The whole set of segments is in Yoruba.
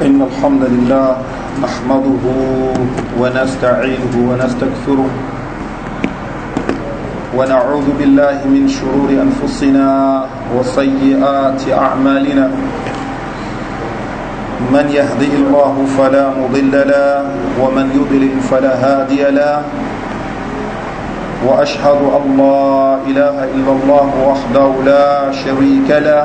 إن الحمد لله نحمده ونستعينه ونستكثره ونعوذ بالله من شرور أنفسنا وسيئات أعمالنا من يهدي الله فلا مضل له ومن يضلل فلا هادي له وأشهد أن لا إله إلا الله وحده لا شريك له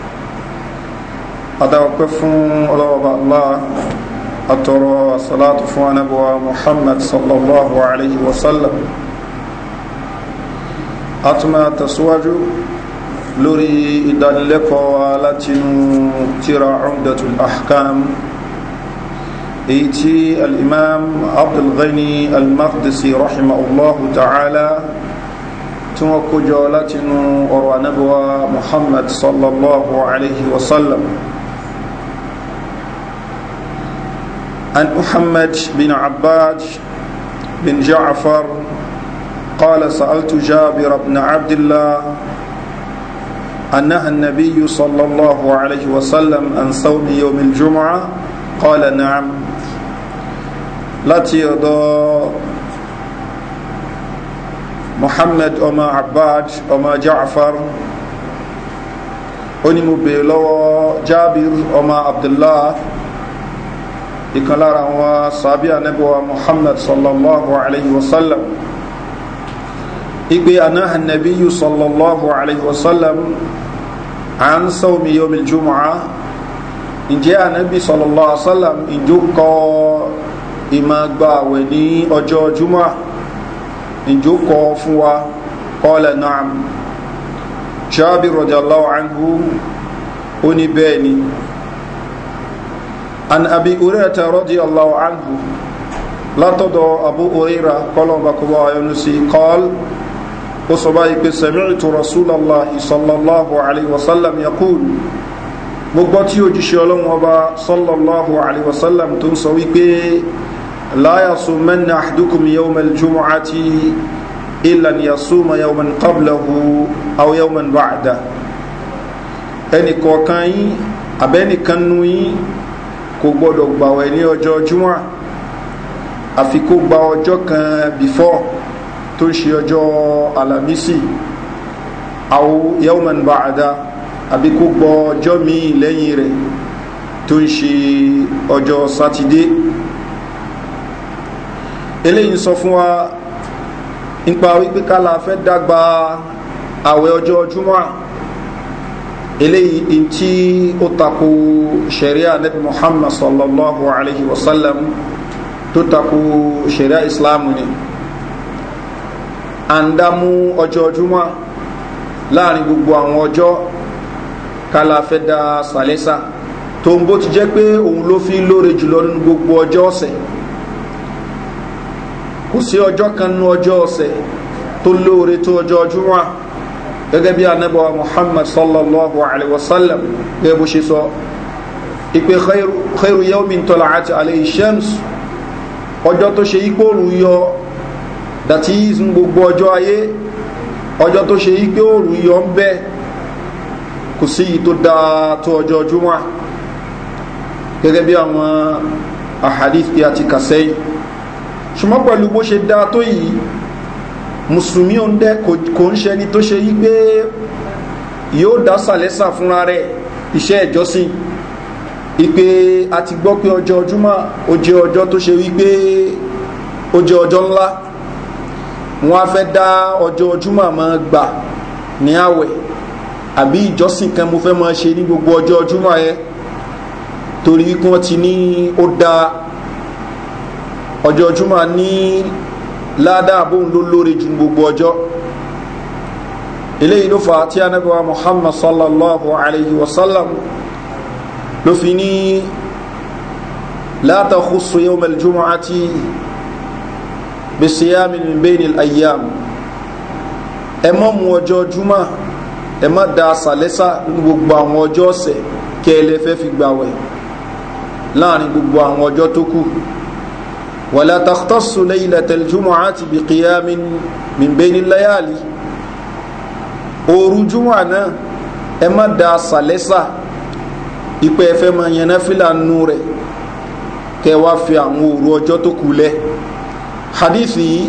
adáwọ̀pẹ́ fún ọlọ́wọ́ba allah àtọ̀rọ̀ salatu fún anábọ̀wá muhammad sallallahu alayhi wa sallam a tún máa tẹ̀síwájú lórí ìdánilẹ́kọ̀ọ́ wa látinú tíra umdatul ahkam èyí tí al'imam abdulghani al-maqdisi rahimahullahu ta'ala tí wọ́n kójọ látinú ọ̀rọ̀ anábọ̀wá muhammad sallallahu alayhi wa sallam عن محمد بن عباد بن جعفر قال سألت جابر بن عبد الله أنها النبي صلى الله عليه وسلم عن صوم يوم الجمعة قال نعم لا تيضا محمد وما عباد وما جعفر ó ní جابر bèèrè عبد الله ìkan lára wọn sàbí anabiwa muhammad sallallahu alayhi wa sallam igbe anaha nabiyu sallallahu alayhi wa sallam à ń sọ́mi yomi jùmọ̀á ǹjẹ́ anabi sallallahu alayhi wa sallam ìjó kọ́ ìmọ̀ gba àwẹ̀ ní ọjọ́ jùmọ̀á ìjó kọ́ fún wa kọ́lẹ̀ náà ṣáàbí rọ̀jà an abi ureta radiyallahu anhu látọ̀dọ̀ abu ureira kọlọ̀mbà kọba ayọ́nu sí kọ́l ó sọ báyìí pé sẹ̀mìtì rasulallah sallallahu alayhi wa sallam ya kúl mo gbọ́ tí òjíṣẹ́ ọlọ́run ọba sallallahu alayhi wa sallam tó ń sọ wípé láyà sọ mẹ́nà àdúkùm yawmal jumu'ati ilan yawman qablahu aw yawman ba'da ẹnì kọ̀ọ̀kan yín àbẹ́nìkan nù yín kò gbọ́dọ̀ gbàwẹ̀ ní ọjọ́ júmọ́ àfi kó gba ọjọ́ kan before tó ń ṣe ọjọ́ alamisi àwọ yawman ba'ada àbí kó gbọ ọjọ́ míì lẹ́yìn rẹ̀ tó ń ṣe ọjọ́ sátidé eléyìí sọ fún wa nípa wípé kálá fẹ́ dàgbà àwẹ̀ ọjọ́ júmọ́ eléyìí tí ó tako sharia nabi muhammad sallallahu alayhi wa sallam tó tako sharia islam ni à ń dámú ọjọ́ júmọ́ láàrin gbogbo àwọn ọjọ́ kálafẹ́ da sàlẹ́sà tó ń bó ti jẹ́ pé òun ló fi lóore jùlọ nínú gbogbo ọjọ́ ọ̀sẹ̀ kò sí ọjọ́ kan nínú ọjọ́ ọ̀sẹ̀ tó lóore tó ọjọ́ júmọ́ gẹ́gẹ́ bí anábọ̀ muhammad sallallahu alaihi wasallam gẹ́gẹ́ bó ṣe sọ ìpé khairu yawmin tọ́lá àti alayhi shams ọjọ́ tó ṣe ipò òrùn yọ that is gbogbo ọjọ́ ayé ọjọ́ tó ṣe ipò òrùn yọ ń bẹ́ kò sí yìí tó dáa tó ọjọ́ júmọ́ gẹ́gẹ́ bí àwọn ahadith tí a ti kà sẹ́yìn ṣùgbọ́n pẹ̀lú bó ṣe dáa tó yìí mùsùlùmí ò ń dẹ́ kò ń ṣẹni tó ṣe yí pé yóò dá sàlẹ́sà fúnra rẹ̀ iṣẹ́ ìjọsìn ipe a ti gbọ́ pé ọjọ́ ọjúmọ́ ó jẹ́ ọjọ́ tó ṣe wípé ó jẹ́ ọjọ́ ńlá wọ́n á fẹ́ dá ọjọ́ ọjúmọ́ mọ́ gbà ní àwẹ̀ àbí ìjọsìn kan mo fẹ́ mọ́ ṣe ní gbogbo ọjọ́ ọjúmọ́ ẹ torí wípé wọ́n ti ní ó dá ọjọ́ ọjúmọ́ ní ládàá bóun ló lóore ju gbogbo ọjọ́ eléyìí ló fà á tí anábíwá muhammad sallallahu alayhi wa sallam ló fi ní látàkùsù yóò mẹ́lẹ́júmọ́ àti bisiyami min bẹ́ẹ̀ni ayyam ẹ mọ́ mu ọjọ́ júmọ́ ẹ má da sàlẹ́sà nínú gbogbo àwọn ọjọ́ ọ̀sẹ̀ kẹ́ fi gbàwẹ̀ láàrin gbogbo àwọn ọjọ́ tó kù ولا تختص ليلة الجمعة بقيام من بين الليالي òru júmọ̀ náà ẹ má da sàlẹ́sà ìpẹ́ ẹ fẹ́ máa yan náfìlà nù rẹ̀ kẹ wá fi àwọn òru ọjọ́ tó kù lẹ̀ hadithi yìí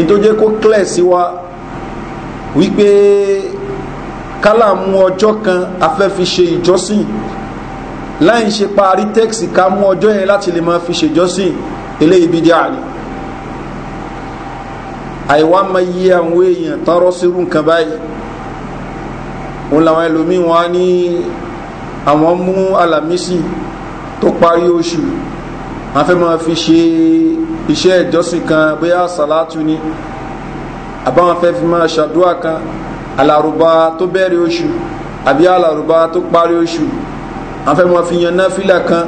ìtòjẹ́ kó clear sí wa wípé kálá mú ọjọ́ kan afẹ́ fi ṣe ìjọsìn láì ṣe parí tẹ́ẹ̀sì ká mú ọjọ́ yẹn láti lè máa fi ṣèjọsìn eléyìí bí díà ni àìwá ma yí àwọn èèyàn tọrọ sírú nǹkan báyìí òun làwọn ẹlòmíín wọn á ní àwọn mú alamisi tó parí oṣù wọn fẹ́ máa fi ṣe iṣẹ́ ìjọsìn kan bóyá sàlátù ni àbáwọn fẹ́ fi máa ṣàdúrà kan alárùbá tó bẹ̀rẹ̀ oṣù àbí alárùbá tó parí oṣù wọn fẹ́ máa fi yan náfìlà kan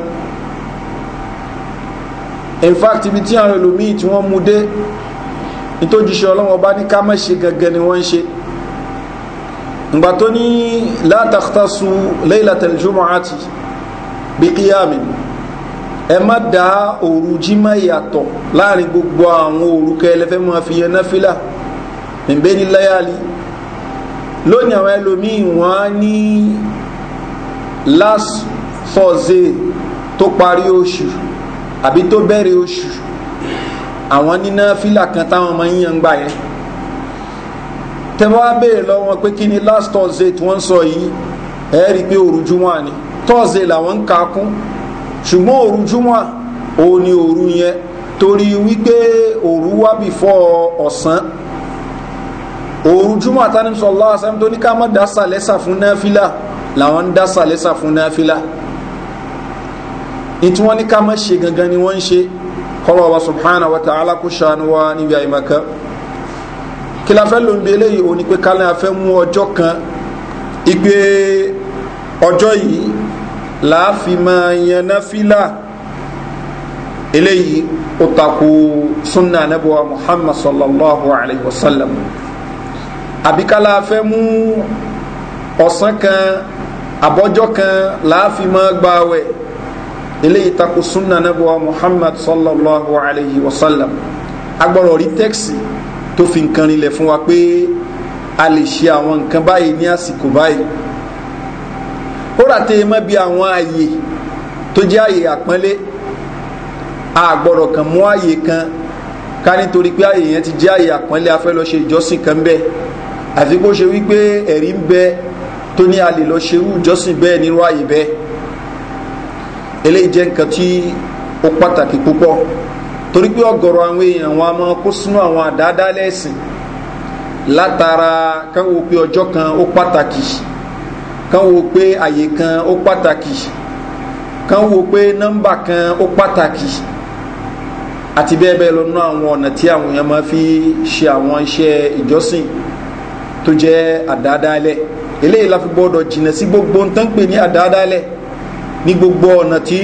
in fact ibi tí àwọn ẹlòmíì tí wọ́n mú dé ìtòjúṣe ọlọ́wọ́ bá ní ká má ṣe gẹ́gẹ́ ni wọ́n ń ṣe ìgbà tó ní látàkítàsù lẹ́ìlàtẹ̀lẹ́jọ́mọ̀ àti bí kíyàmì ẹ má dá òru jímọ̀ ìyàtọ̀ láàrin gbogbo àwọn òrùkẹ́ ẹlẹ́fẹ́ máa fi yẹn náfìlà níbẹ̀ ní láyàlí lónìí àwọn ẹlòmíì wọ́n ní last thursday tó parí oṣù àbí tó bẹ̀rẹ̀ oṣù àwọn níná fílà kan táwọn ọmọ yíyan ń gbà yẹn tẹ́wọ́ á béèrè lọ́wọ́ pé kí ni last thursday tí wọ́n sọ yìí ẹ rí i pé òru júmọ́ ni thursday làwọn ń ka kún ṣùgbọ́n òru júmọ́ òun ni òru yẹn torí wípé òru wá bìfọ́ ọ̀sán òru àtàníṣọ́ lọ́wọ́ sẹ́mi tó ní ká mọ́ dásà lẹ́sà fún náà fílà làwọn ń dásà lẹ́sà fún náà fílà ìtí wọ́n ní ká mọ́ ṣe gangan ni wọ́n ń ṣe kọ́lọ̀ wa subhanahu wa ta'ala kó ṣàánú wa níbi àìmọ̀kan kí la fẹ́ ló ń bi eléyìí òní pé kálẹ̀ afẹ́ mú ọjọ́ kan ìgbé ọjọ́ yìí láàfi máa yanná fílà eléyìí ó takò sunna anabuwa muhammad sallallahu alayhi wa sallam àbíkálá afẹ́ mú ọ̀sán kan àbọ́jọ́ kan láàfi máa gbàwẹ̀ eléyìí tako sunna nabuwa muhammad sallallahu alayhi wa sallam agbọ́dọ̀ rí tẹ́ksì tó fi nǹkan rinlẹ̀ fún wa pé a lè ṣe àwọn nǹkan báyìí ní àsìkò báyìí ó rà tẹ́ ẹ mọ́ bí àwọn ààyè tó jẹ́ ààyè àpọ́nlé a gbọ́dọ̀ kàn mú ààyè kan ká nítorí pé ààyè yẹn ti jẹ́ ààyè àpọ́nlé afẹ́ lọ ṣe ìjọsìn kan bẹ́ẹ̀ àfi kó ṣe wípé ẹ̀rí ń bẹ tó ní a lè lọ ṣerú ìjọsìn bẹ́ẹ̀ nírú ààyè bẹ́ẹ̀ eléyìí jẹ́ nǹkan tí ó pàtàkì púpọ̀ torí pé ọ̀gọ̀rọ̀ àwọn èèyàn wọn a máa kó sínú àwọn àdáadáa lẹ́sìn látara káwọn wo pé ọjọ́ kan ó pàtàkì káwọn wo pé àyè kan ó pàtàkì káwọn pé nọ́mbà kan ó pàtàkì àti bẹ́ẹ̀ bẹ́ẹ̀ lọ nú àwọn ọ̀nà tí àwọn èèyàn máa fi ṣe àwọn iṣẹ́ ìjọsìn tó jẹ́ àdáadáa lẹ̀ eléyìí la fi gbọ́dọ̀ jìnnà sí gbogbo ń pè ní àdáadáa lẹ̀ ní gbogbo ọ̀nà tí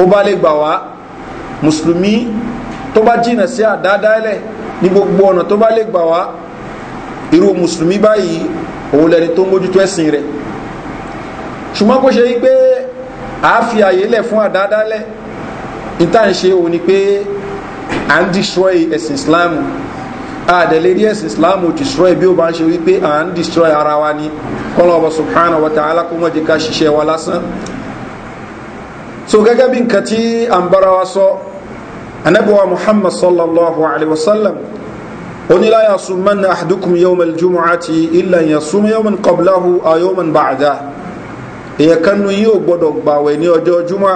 ó bá lè gbà wá mùsùlùmí tó bá jìnà sí àdáadáẹ́lẹ̀ ní gbogbo ọ̀nà tó bá lè gbà wá irú mùsùlùmí báyìí òun lẹni tó mójútó ẹ̀sìn rẹ̀ ṣùgbọ́n kó ṣe yí pé a fi àyè lẹ̀ fún àdáadáálẹ̀ níta ń ṣe òun ni pé à ń destroy ẹ̀sìn islam àdẹ̀lẹ̀ rí ẹ̀sìn islam ò destroy bí ó bá ń ṣe wípé à ń destroy ara wa ni kọ́lọ̀ ọba subhanahu wa ta'ala kó mọ̀ jẹ́ ká ṣiṣẹ́ wa lásán so gẹ́gẹ́ bí nǹkan tí a ń bára wa sọ anabiwa muhammad sallallahu alaihi wasallam onílá ya sun mẹ́nà àdúkùn yawon aljumu'ati ilẹ̀ ya sun yawon qablahu a yawon ba'ada èyàn kanu yíò gbọdọ̀ gbàwẹ̀ ní ọjọ́ juma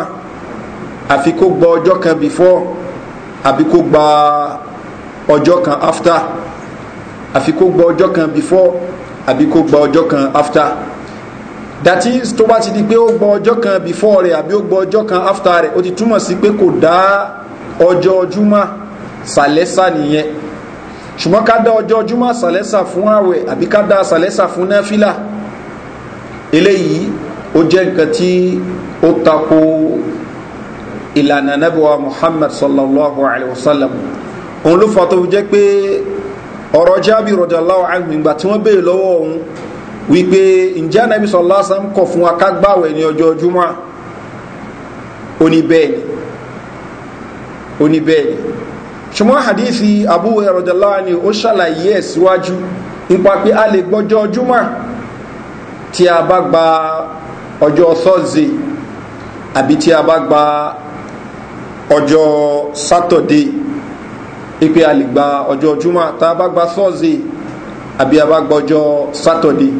àfi kó gba ọjọ́ kan before àbí kó gba ọjọ́ kan after àfi kó gba ọjọ́ kan before àbí kó gba ọjọ́ kan after that is tó bá ti di pé ó gbọ́ ọjọ́ kan before rẹ̀ àbí ó gbọ́ ọjọ́ kan after rẹ̀ ó ti túmọ̀ sí pé kò dá ọjọ́ júmọ́ sàlẹ́sà nìyẹn ṣùgbọ́n ká dá ọjọ́ júmọ́ sàlẹ́sà fún àwẹ̀ àbí ká dá sàlẹ́sà fún náfìlà eléyìí ó jẹ́ nǹkan tí ó tako ìlànà nàbẹ̀wá muhammad sallallahu alayhi wa sallam òun ló fà tó jẹ́ pé ọ̀rọ̀ jábì rọ̀dàláwà àgbìngbà tí wọ́n béèrè lọ́wọ́ òun wípé ǹjẹ́ anabi sọlá sàn kọ̀ fún wa ká gbàwẹ̀ ní ọjọ́ júmọ́ oníbẹ́ẹ̀ni ṣùgbọ́n hadithi abu ẹ̀rọ̀dẹ̀láwà ni ó ṣàlàyé ẹ̀ síwájú nípa pé a lè gbọ́jọ́ júmọ́ tí a bá gba ọjọ́ thursday àbí tí a bá gba ọjọ́ saturday ipe a lè gba ọjọ́ júmọ́ tá a bá gba thursday àbí a bá gba saturday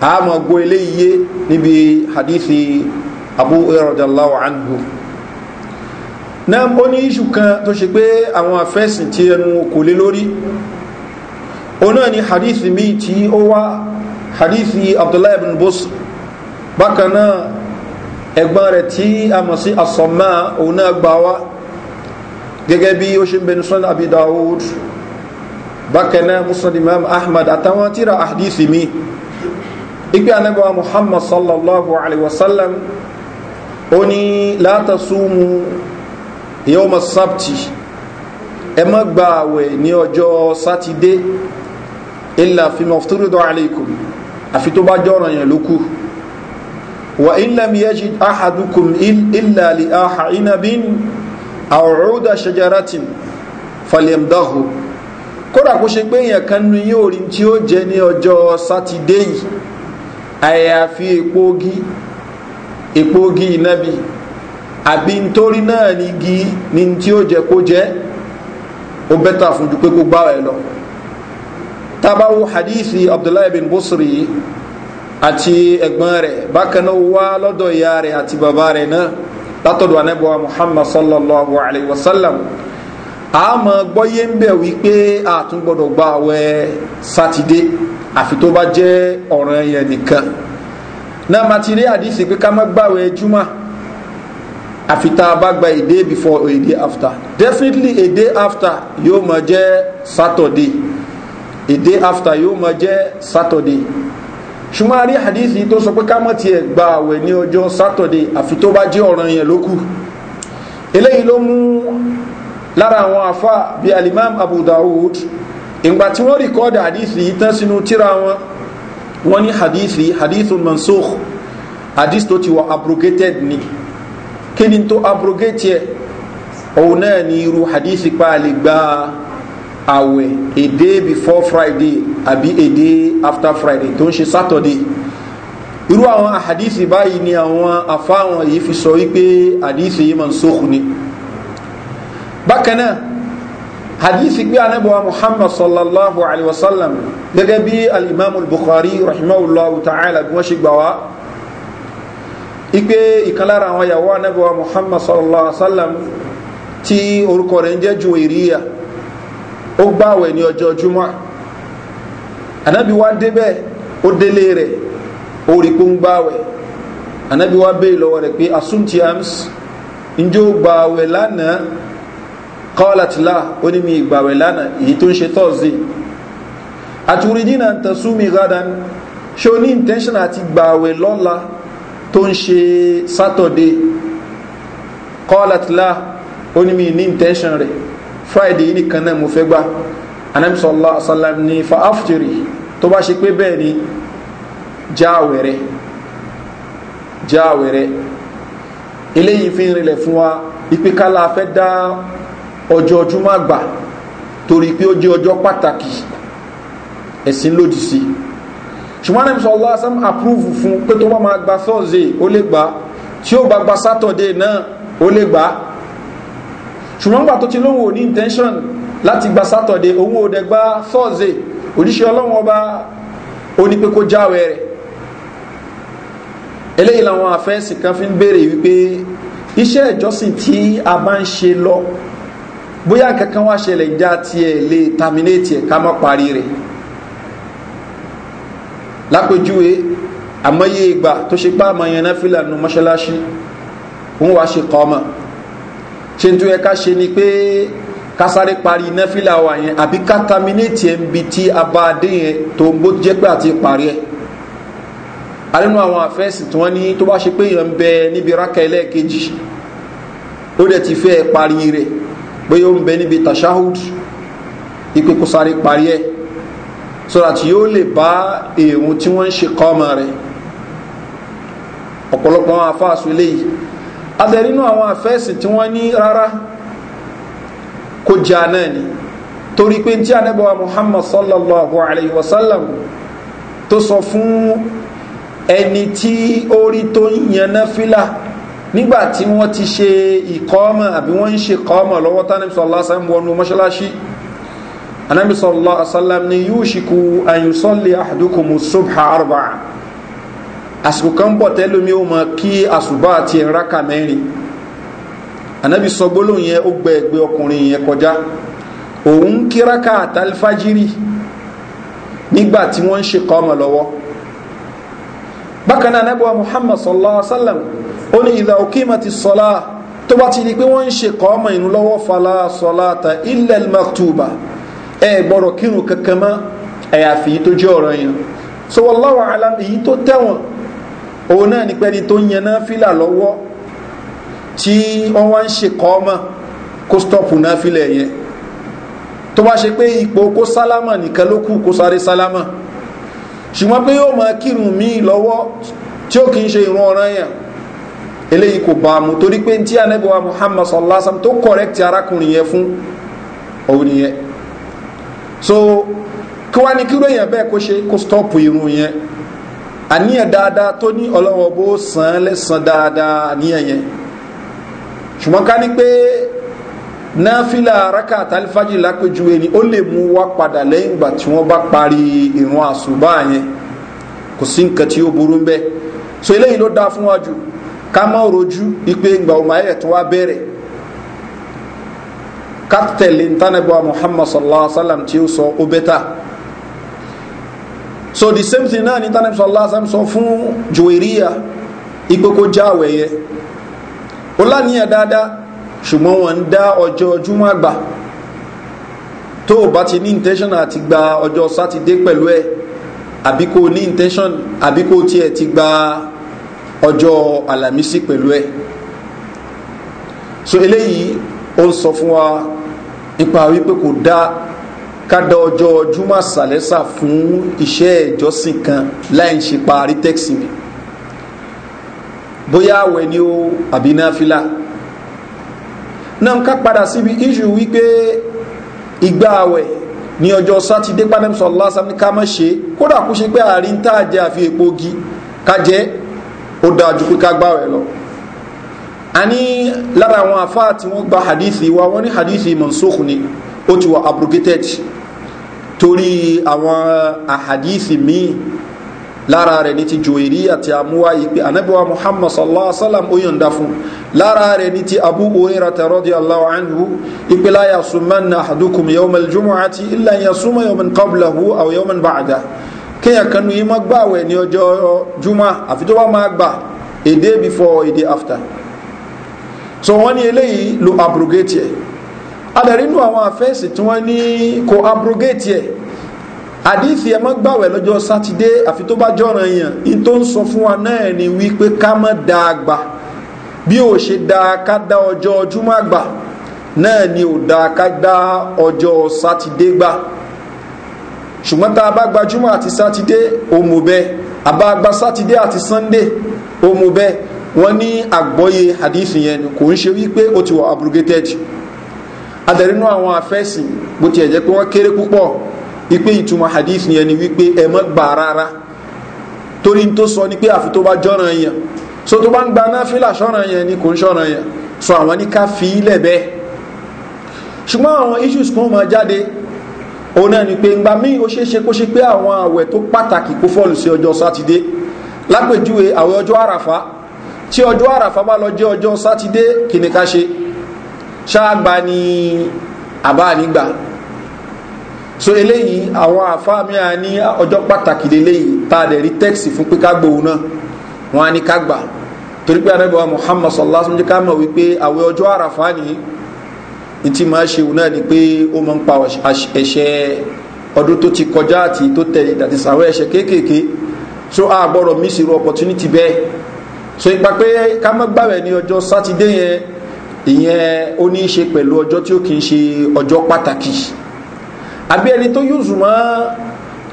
a ma gbọ́ eléyìí níbi hadithi abu radallahu anhu náà ó ní iṣu kan tó ṣe pé àwọn afẹ́sìn tí ẹnu kò lé lórí ó náà ni hadithi míì tí ó wá hadithi abdullahi ibn busr bákan náà ẹgbọ́n rẹ̀ tí a mọ̀ sí asọ̀má òun náà gbà wá gẹ́gẹ́ bí ó ṣe ń bẹnu sọ́nà abidawood bákan náà musulman ahmad àtàwọn tíra hadithi míì igbe anabawa muhammad sallallahu alaihi wasallam ó ní láta súnmù yóò ma sábtì ẹ má gba àwẹ̀ ní ọjọ́ sátidé ilà fi mọ̀fútúrúdọ̀ aleikum àfi tó bá jọ́ràn yẹn ló kù wà ilẹ̀ mi yẹ́ jí áhàdùkùn ilà lè áhà inabin àwòrúdà ṣẹjaratin falemdahu kódà kó ṣe kan nu yóò rí tí ó jẹ ní ọjọ́ sátidé yìí àyàfi èpòogi èpòogi ìnábi àbí nítorí náà ni igi ni tí ó jẹ kó jẹ ó bẹ́tà fún ju pé kó gbá lọ tábàwò hadithi abdullahi bin busri àti ẹ̀gbọ́n rẹ̀ bákan náà wá lọ́dọ̀ ìyá rẹ̀ àti bàbá rẹ̀ náà látọ̀dọ̀ anẹ́bọ̀wá muhammad sallallahu alayhi wa sallam a mọ̀ gbọ́yé ń bẹ̀ wípé àtúngbọ́dọ̀ gbà wẹ́ sátidé àfi tó bá jẹ́ ọ̀ràn yẹn nìkan náà má ti rí àdìsí pé ká má gbàwẹ̀ júmọ́ àfi tá a bá gba a day before or a day after definitely a day after yóò máa jẹ́ saturday a day after yóò máa jẹ́ saturday ṣùgbọ́n a rí àdìsí tó sọ pé ká má tiẹ̀ gbàwẹ̀ ní ọjọ́ saturday àfi tó bá jẹ́ ọ̀ràn yẹn lókù eléyìí ló mú lára àwọn àfa bíi alimam abu dawud ìgbà tí wọ́n rìkọ́dà hadithi yìí tán sínú tíra wọn wọ́n ní hadithi hadithun mansukh hadith tó ti wà abrogated ni kí ni tó abrogate yẹ òun náà ni irú hadithi pa gba àwẹ̀ a day before friday àbí a day after friday tó ń ṣe saturday irú àwọn àhàdìsì báyìí ni àwọn afáwọn yìí fi sọ wípé àdìsì yìí mansukh ni bákan náà hadisi gbé anábọ̀wá muhammad sallallahu alaihi wasallam gẹ́gẹ́ bí alimami bukhari rahimahullahu ta'ala bí wọ́n ṣe gbà wá ipe ìkànlára àwọn yàwó anábọ̀wá muhammad sallallahu alaihi wasallam tí orúkọ rẹ̀ ń jẹ́ juwèríyà ó gbáwẹ̀ ní ọjọ́ júmọ́ anábi wá débẹ̀ ó délé rẹ̀ ó rí pé ń gbáwẹ̀ anábi wá bẹ́ ìlọ́wọ́ rẹ̀ pé asumti ams ń jó gbáwẹ̀ lánàá kọ́ọ̀látìlá ó ní mi ìgbàwẹ̀ lánàá èyí tó ń ṣe tọ́ọ̀sì àtúrídínà ń tẹ̀sú mi gádán ṣe o ní intention àti gbàwẹ̀ lọ́la tó ń ṣe saturday kọ́ọ̀látìlá ó ní mi ní intention rẹ̀ friday nìkan náà mo fẹ́ gbá anamsọ́lá asalam fa aftiri tó bá ṣe pé bẹ́ẹ̀ ni jáwẹ̀rẹ̀ jáwẹ̀rẹ̀ eléyìí fi ń rinlẹ̀ fún wa ìpínkálá fẹ́ dá ọjọ́ júmọ́ àgbà torí pé ó jẹ́ ọjọ́ pàtàkì ẹ̀sìn lòdì sí ṣùgbọ́n ẹ̀mí sọ lásán àpúrúfù fún pé tó bá máa gba thursday ó lè gbà tí ó bá gba saturday náà ó lè gbà ṣùgbọ́n gbà tó ti lóhùn ò ní intention láti gba saturday òun ò dẹ̀ gba thursday òjíṣẹ́ ọlọ́run ọba ó ní pé kó jáwẹ́ rẹ̀ eléyìí làwọn àfẹ́sìn kan fi ń béèrè wípé iṣẹ́ ìjọsìn tí a bá ń ṣe lọ bóyá kankan wá ṣẹlẹ̀ já tiẹ̀ lè terminate ẹ̀ ká mọ́ parí rẹ̀ lápèjúwe àmọ́yé ìgbà tó ṣe pá àmọ́yàn náà fìlà nù mọ́ṣáláṣí òun wá ṣe kọ́ ọmọ ṣe tó yẹ ká ṣe ni pé ká sáré parí iná fìlà wà yẹn àbí ká terminate ẹ̀ ń bi tí a yẹn tó ń bó jẹ́ pé àti parí ẹ̀ arínú àwọn àfẹ́sì tí wọ́n ní tó bá ṣe pé èèyàn ń bẹ níbi rákà ẹlẹ́ẹ̀kejì ó dẹ̀ ti fẹ́ parí rẹ̀ pé ó ń bẹ níbi tashahud ipe kó sáré parí ẹ sọ́dà tí yóò lè bá èrò tí wọ́n ń ṣe kọ́ọ̀mà rẹ̀ ọ̀pọ̀lọpọ̀ àwọn afáàsù eléyìí adẹ̀rínú àwọn afẹ́ẹ̀sì tí wọ́n ní rárá kó jà náà ni torí pé tí anẹ́bọ̀wà muhammad sallallahu alayhi wa sallam tó sọ fún ẹni tí ó rí tó yẹn náà fílà nígbà tí wọ́n ti ṣe ìkọ́mọ̀ àbí wọ́n ń ṣe kọ́mọ̀ lọ́wọ́ tánàbí sọ́lá sàm wọnú mọ́ṣáláṣí anábì sọ́lá sàlám ni yóò ṣìkú àyùsọ́lẹ̀ àdúkùmù subha arba àsìkò kan bọ̀ tẹ́lómi ó mọ kí àṣùbá àti ìraka mẹ́rin anábì sọ òun kíraka àtàlífàjírì nígbà wọ́n ń ṣe kọ́mọ̀ lọ́wọ́ bákan náà nẹ́bọ̀ muhammad sallallahu alaihi wasallam ó ní ìdá òkèèmà ti sọlá tó bá ti di pé wọ́n ń ṣe kọ́ ọmọ ìnú lọ́wọ́ fàlà sọlá ta ilẹ̀ maktuba ẹ gbọ́dọ̀ kírun kankan mọ́ ẹ̀yàfi tó jẹ́ ọ̀rọ̀ yẹn so wallahu alam èyí tó tẹ̀wọ̀n òun náà ni pé ni tó ń yẹn náà fìlà lọ́wọ́ tí wọ́n wá ń ṣe kọ́ ọmọ kó stọ́pù náà fìlà yẹn tó bá ṣe pé ipò kó sálámà nìkan ló kù kó sáré sálámà ṣùgbọ́n pé yóò máa kírun míì lọ́wọ́ tí ó kì í ṣe ìrún ọ̀ràn yàn eléyìí kò bá mu torí pé tí anẹ́bọ̀wá muhammad sallallahu alaihi tó correct arákùnrin yẹn fún òun nìyẹn so kí wá ní kí ló yẹn bẹ́ẹ̀ kó ṣe kó stop irun yẹn àníyàn dáadáa tó ní ọlọ́wọ́ bó sàn án lẹ́sàn dáadáa àníyàn yẹn ṣùgbọ́n ká ní pé náfìlà araka àtàlífàjì lápẹjúwe ni ó lè mú wá padà lẹ́yìn ìgbà tí wọ́n bá parí ìrun àsùbá yẹn kò sí nǹkan tí ó burú ń bẹ́ẹ̀ so eléyìí ló dáa fún wa ká má rojú ipe ìgbà ọmọ tó wá bẹ̀rẹ̀ ká tẹ̀lé muhammad sallallahu alaihi wa sallam tí ó sọ ó bẹ́ta so the same thing náà ní tánẹ́bọ̀ sallallahu alaihi wa sallam sọ fún juwèríyà ipe kó já àwẹ̀yẹ ó láníyàn ṣùgbọ́n wọ́n ń dá ọjọ́ júmọ́ àgbà tó bá ti ní intention àti gba ọjọ́ sátidé pẹ̀lú ẹ̀ àbí ní intention àbí kò tiẹ̀ ti gba ọjọ́ àlàmísì pẹ̀lú ẹ̀ so eléyìí ó ń sọ fún wa nípa wípé kò dá kádà ọjọ́ júmọ́ sàlẹ́sà fún iṣẹ́ ìjọsìn kan láì ń ṣe parí tẹ́ksì mi bóyá àwẹ̀ ni ó àbí náà ká padà síbi iṣu wípé ìgbà àwẹ̀ ní ọjọ́ sátidé pánẹ́mùsọ̀ lásán ní ká mọ́ ṣe kódà kú ṣe pé àárín tá a jẹ àfi epo gi ká jẹ́ ó dáa ju pé ká gbàwẹ̀ lọ a ní lára àwọn àfáà tí wọ́n gba hadithi wa wọ́n ní hadithi mọ̀nsókù ni ó ti wà abrogated torí àwọn ahadithi míì lára rẹ̀ ní ti jòhìrí àti àmúwáyé pé anábíwá muhammad sallallahu alaihi wasallam ó yọ̀nda fún lára rẹ̀ ní ti abu orira tẹ̀rọ́dì aláwọ̀ anhu ìpìlá yasuman na hadukum yawmal jumu'ati illa yasuma yawman qablahu aw yawman ba'da kéèyàn kan ní ma gbàwẹ̀ ní ọjọ́ juma àfi tó bá máa gbà a day before a day after so wọ́n ní eléyìí lo abrogate yẹ adàrínú àwọn àfẹ́sì tí wọ́n ní kò abrogate yẹ àdífì ẹ má gbàwẹ̀ lọ́jọ́ sátidé àfi tó bá jọ̀ràn yàn in tó ń sọ fún wa náà ni wípé ká má da àgbà bí ò ṣe da ká dá ọjọ́ ọjúmọ́ àgbà náà ni ò da ká dá ọjọ́ sátidé gbà ṣùgbọ́n tá a bá gba júmọ́ àti sátidé ó mú bẹ́ẹ̀ a bá gba sátidé àti sannde ó mú bẹ́ẹ̀ wọ́n ní àgbọ́yé àdífì yẹn kò ń ṣe wípé ó ti wà abrogated adẹ̀rínú àwọn afẹ́sìn bó ti ẹ̀jẹ̀ pé wọ́n kéré púpọ̀ ipe ìtumọ̀ hadith yẹn ni wípé ẹ mọ́ gbà rárá torí tó sọ ni pé àfi tó bá jọ́ràn yẹn so tó bá ń gba náfìlà ṣọ́ràn yẹn ni kò ń ṣọ́ràn yẹn so àwọn ní ká fi ilẹ̀ bẹ́ẹ̀ ṣùgbọ́n àwọn issues kan máa jáde òun náà ni pé ńgbà míì ó ṣeéṣe kó ṣe pé àwọn àwẹ̀ tó pàtàkì kó fọ́ọ̀lù sí ọjọ́ sátidé lápèjúwe àwẹ̀ ọjọ́ àràfá tí ọjọ́ àràfá bá lọ jẹ́ ọjọ́ sátidé kìnìkan ṣe ṣáàgbà ni àbá nígbà so eléyìí àwọn àfáàmì à ní ọjọ́ pàtàkì lélẹ́yìí tá a dẹ̀ rí tẹ́ksì fún pé ká gbòun náà wọn á ní ká gbà torí pé anábẹ́wà muhammad sallallahu alaihi wa sallam jẹ́ ká mọ̀ wípé àwẹ̀ ọjọ́ àràfà nìyí ntí máa ṣe òun náà ni pé ó máa ń pa ẹ̀ṣẹ̀ ọdún tó ti kọjá àti tó tẹ̀lé àti sàwọn ẹ̀ṣẹ̀ kéékèèké so a gbọ́dọ̀ miss irú opportunity bẹ́ẹ̀ so ipa pé ká má gbàwẹ̀ ní ọjọ́ sátidé yẹn ìyẹn ó ní í ṣe pẹ̀lú ọjọ́ tí ó kì í ṣe ọjọ́ pàtàkì àbí ẹni tó yóò zùmọ́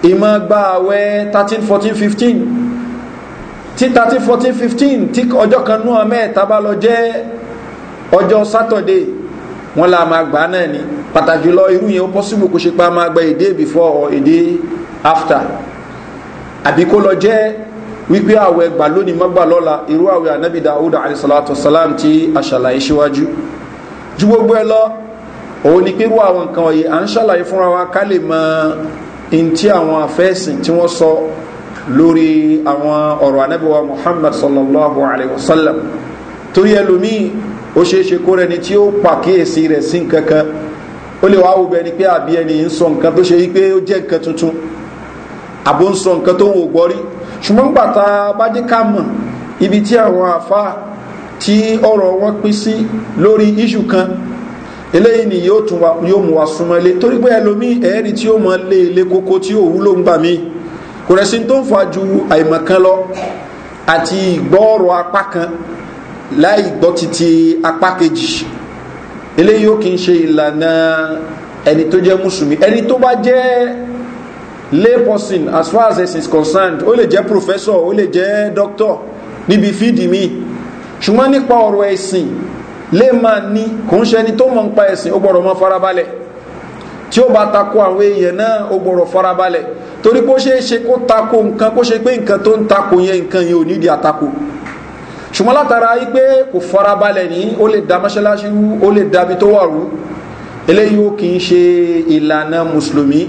ìmọ̀ gba àwẹ́ 13 14 15 tí 13 14 15 tí ọjọ́ kan náà mẹ́ta bá lọ jẹ́ ọjọ́ sátọ̀dé wọ́n la máa gbà náà ni pàtàkì lọ irú yẹn ó pọ́síbù kó ṣe pa máa gba èdè before or èdè after àbí kó lọ jẹ́ wípé àwẹ̀ gbà lónìí mọ́gbà lọ́la irú àwẹ̀ anábìdá ọdún àìsàlátọ̀ sálám tí àṣàlàyé síwájú ju gbogbo ẹ lọ òun ni pírú àwọn nǹkan ọ̀yẹ́ à ń ṣàlàyé fúnra wa ká lè mọ in àwọn afẹ́sìn tí wọ́n sọ lórí àwọn ọ̀rọ̀ anábíwá muhammad sallallahu alayhi wa sallam torí ẹlòmíì ó ṣeéṣe kó rẹni tí ó pàkíyèsí rẹ̀ sí nǹkan kan ó lè wáá wo bẹni pé àbí ẹni ń sọ nǹkan tó ṣe wípé ó jẹ́ nǹkan tuntun àbó ń sọ nǹkan tó wò gbọ́rí ṣùgbọ́n gbàtà bá ká mọ̀ ibi tí àwọn àfa tí ọ̀rọ̀ wọn pín sí lórí iṣu kan eléyìí ni yóò tún yóò mú wa súnmọ́ ilé torí pé ẹlòmí ẹ̀ẹ́rì tí ó mọ lé ilé kókó tí ó wúlò ń gbà mí kò rẹ̀ sí tó ń fa ju àìmọ̀kan lọ àti ìgbọ́ọ̀rọ̀ apá kan láì gbọ́ titi apá kejì eléyìí ó kì í ṣe ìlànà ẹni tó jẹ́ mùsùlùmí ẹni tó bá jẹ́ layperson as far as it is concerned ó lè jẹ́ professor ó lè jẹ́ doctor níbi fídìí mi ṣùgbọ́n nípa ọ̀rọ̀ ẹ̀sìn lè máa ní kò ń ṣẹni tó mọ̀ ń pa ẹ̀sìn ó gbọ́dọ̀ mọ́ farabalẹ̀ tí ó bá takò àwọn èèyàn náà ó gbọ́dọ̀ farabalẹ̀ torí kó ṣe é ṣe kó takò nǹkan kó ṣe pé nǹkan tó ń takò yẹn nǹkan yẹn ò nídìí àtakò ṣùgbọ́n látara yí pé kò farabalẹ̀ ní ó lè da mọ́ṣáláṣí rú ó lè dabi tó wà rú eléyìí ó kì í ṣe ìlànà mùsùlùmí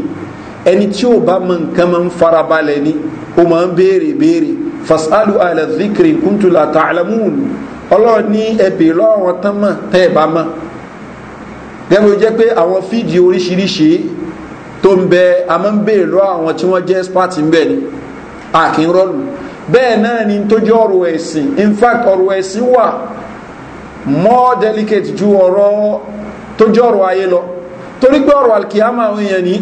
ẹni tí ó bá mọ nǹkan máa ń farabalẹ̀ ní ó máa ń béèrè béèrè fasalu alẹ́ zikiri kuntula ta'alamun ta ọlọ́run ní ẹbẹ̀ lọ́wọ́ tán mọ̀ tẹ́ ẹ̀ bá mọ̀ gẹ́gẹ́ bí jẹ́ pé àwọn fídíò oríṣiríṣi tó ń bẹ àmọ́ ń bèèrè lọ́wọ́ àwọn tí wọ́n jẹ́ spati ń bẹ ni àkínrọ́lù bẹ́ẹ̀ náà ni tó jẹ́ ọ̀rọ̀ ẹ̀sìn in fact ọ̀rọ̀ ẹ̀sìn wà more delicate ju ọ̀rọ̀ tó jẹ́ ọ̀rọ̀ ayé lọ torí pé ọ̀rọ̀ alkiyama àwọn èèyàn ní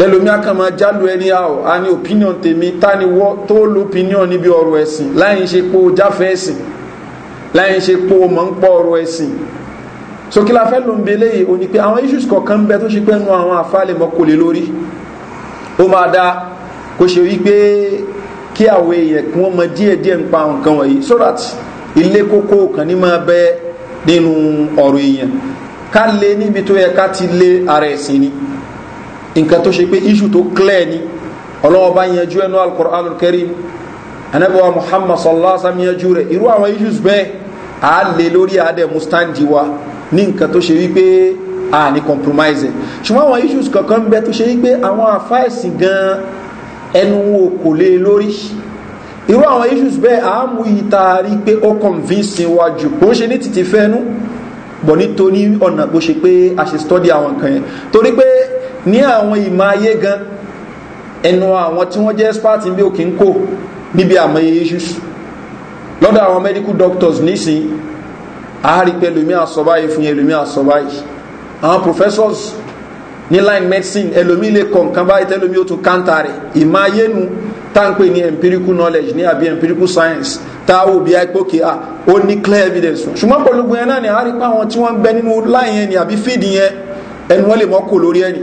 lẹ́lómi akàmọ́ jálù ẹni àwọ̀ a ní opinion tèmi tani wọ́ tó lo opinion níbi ọ̀rọ̀ ẹ̀sìn láyìn ṣe pé o jáfẹ́ ẹ̀sìn láyìn ṣe pé o mọ̀ ń pọ̀ ọ̀rọ̀ ẹ̀sìn so kí la fẹ́ ló ń belé yìí o ní pé àwọn issues kọ̀ọ̀kan ń bẹ tó ṣe pé nu àwọn àfáàlẹ̀ mọ́kòlè lórí ó máa da kó ṣe wípé kí àwọn èèyàn kí wọ́n mọ díẹ̀ díẹ̀ ń pa nǹkan wọ̀nyí so that ilé kókó kan ní máa bẹ nínú ọ̀rọ̀ èèyàn ká lé níbi tó yẹ ká ti lé ara ẹ̀sìn ni nǹkan tó ṣe pé iṣu tó clear ni ọlọ́wọ́ bá yanjú ẹnu alukur'an kẹrin anabiwa muhammad sallallahu alaihi wa sallam yanjú rẹ̀ irú àwọn issues bẹ́ẹ̀ a lè lórí adẹ mustandi wa ní nǹkan tó ṣe wípé a ní compromise ṣùgbọ́n àwọn issues kankan bẹ́ẹ̀ tó ṣe wípé àwọn àfáìsìn gan ẹnu wo lè lórí irú àwọn issues bẹ́ẹ̀ a mú ìtaari pé ó convincing wa kò ń ṣe ní títí fẹ́nu bọ̀ nítorí ọ̀nà bó ṣe pé a ṣe study àwọn nǹkan yẹn torí pé ní àwọn ìmọ̀ ayé gan ẹnu àwọn tí wọ́n jẹ́ expert bí òkè ń kò níbi àmọye issues lọ́dọ̀ àwọn medical doctors nísìn àárí pé ẹlòmí àsọ̀báyé fún ẹlòmí àsọ̀báyé àwọn professors ní line medicine ẹlòmí lè kọ̀ nǹkan báyìí tẹ́lòmí ó tún káńtà rẹ̀ ìmọ̀ ayé nu táǹpé ní empirical knowledge ní àbí empirical science táwò bí i pé kìí ó ní clear evidence fún ṣùgbọ́n pẹ̀lú gbogbo ẹ̀ náà ni a rí pé àwọn tí wọ́n ń bẹ nínú láì yẹn ni àbí fídì yẹn ẹnu wọ́n lè mọ́kò lórí ẹni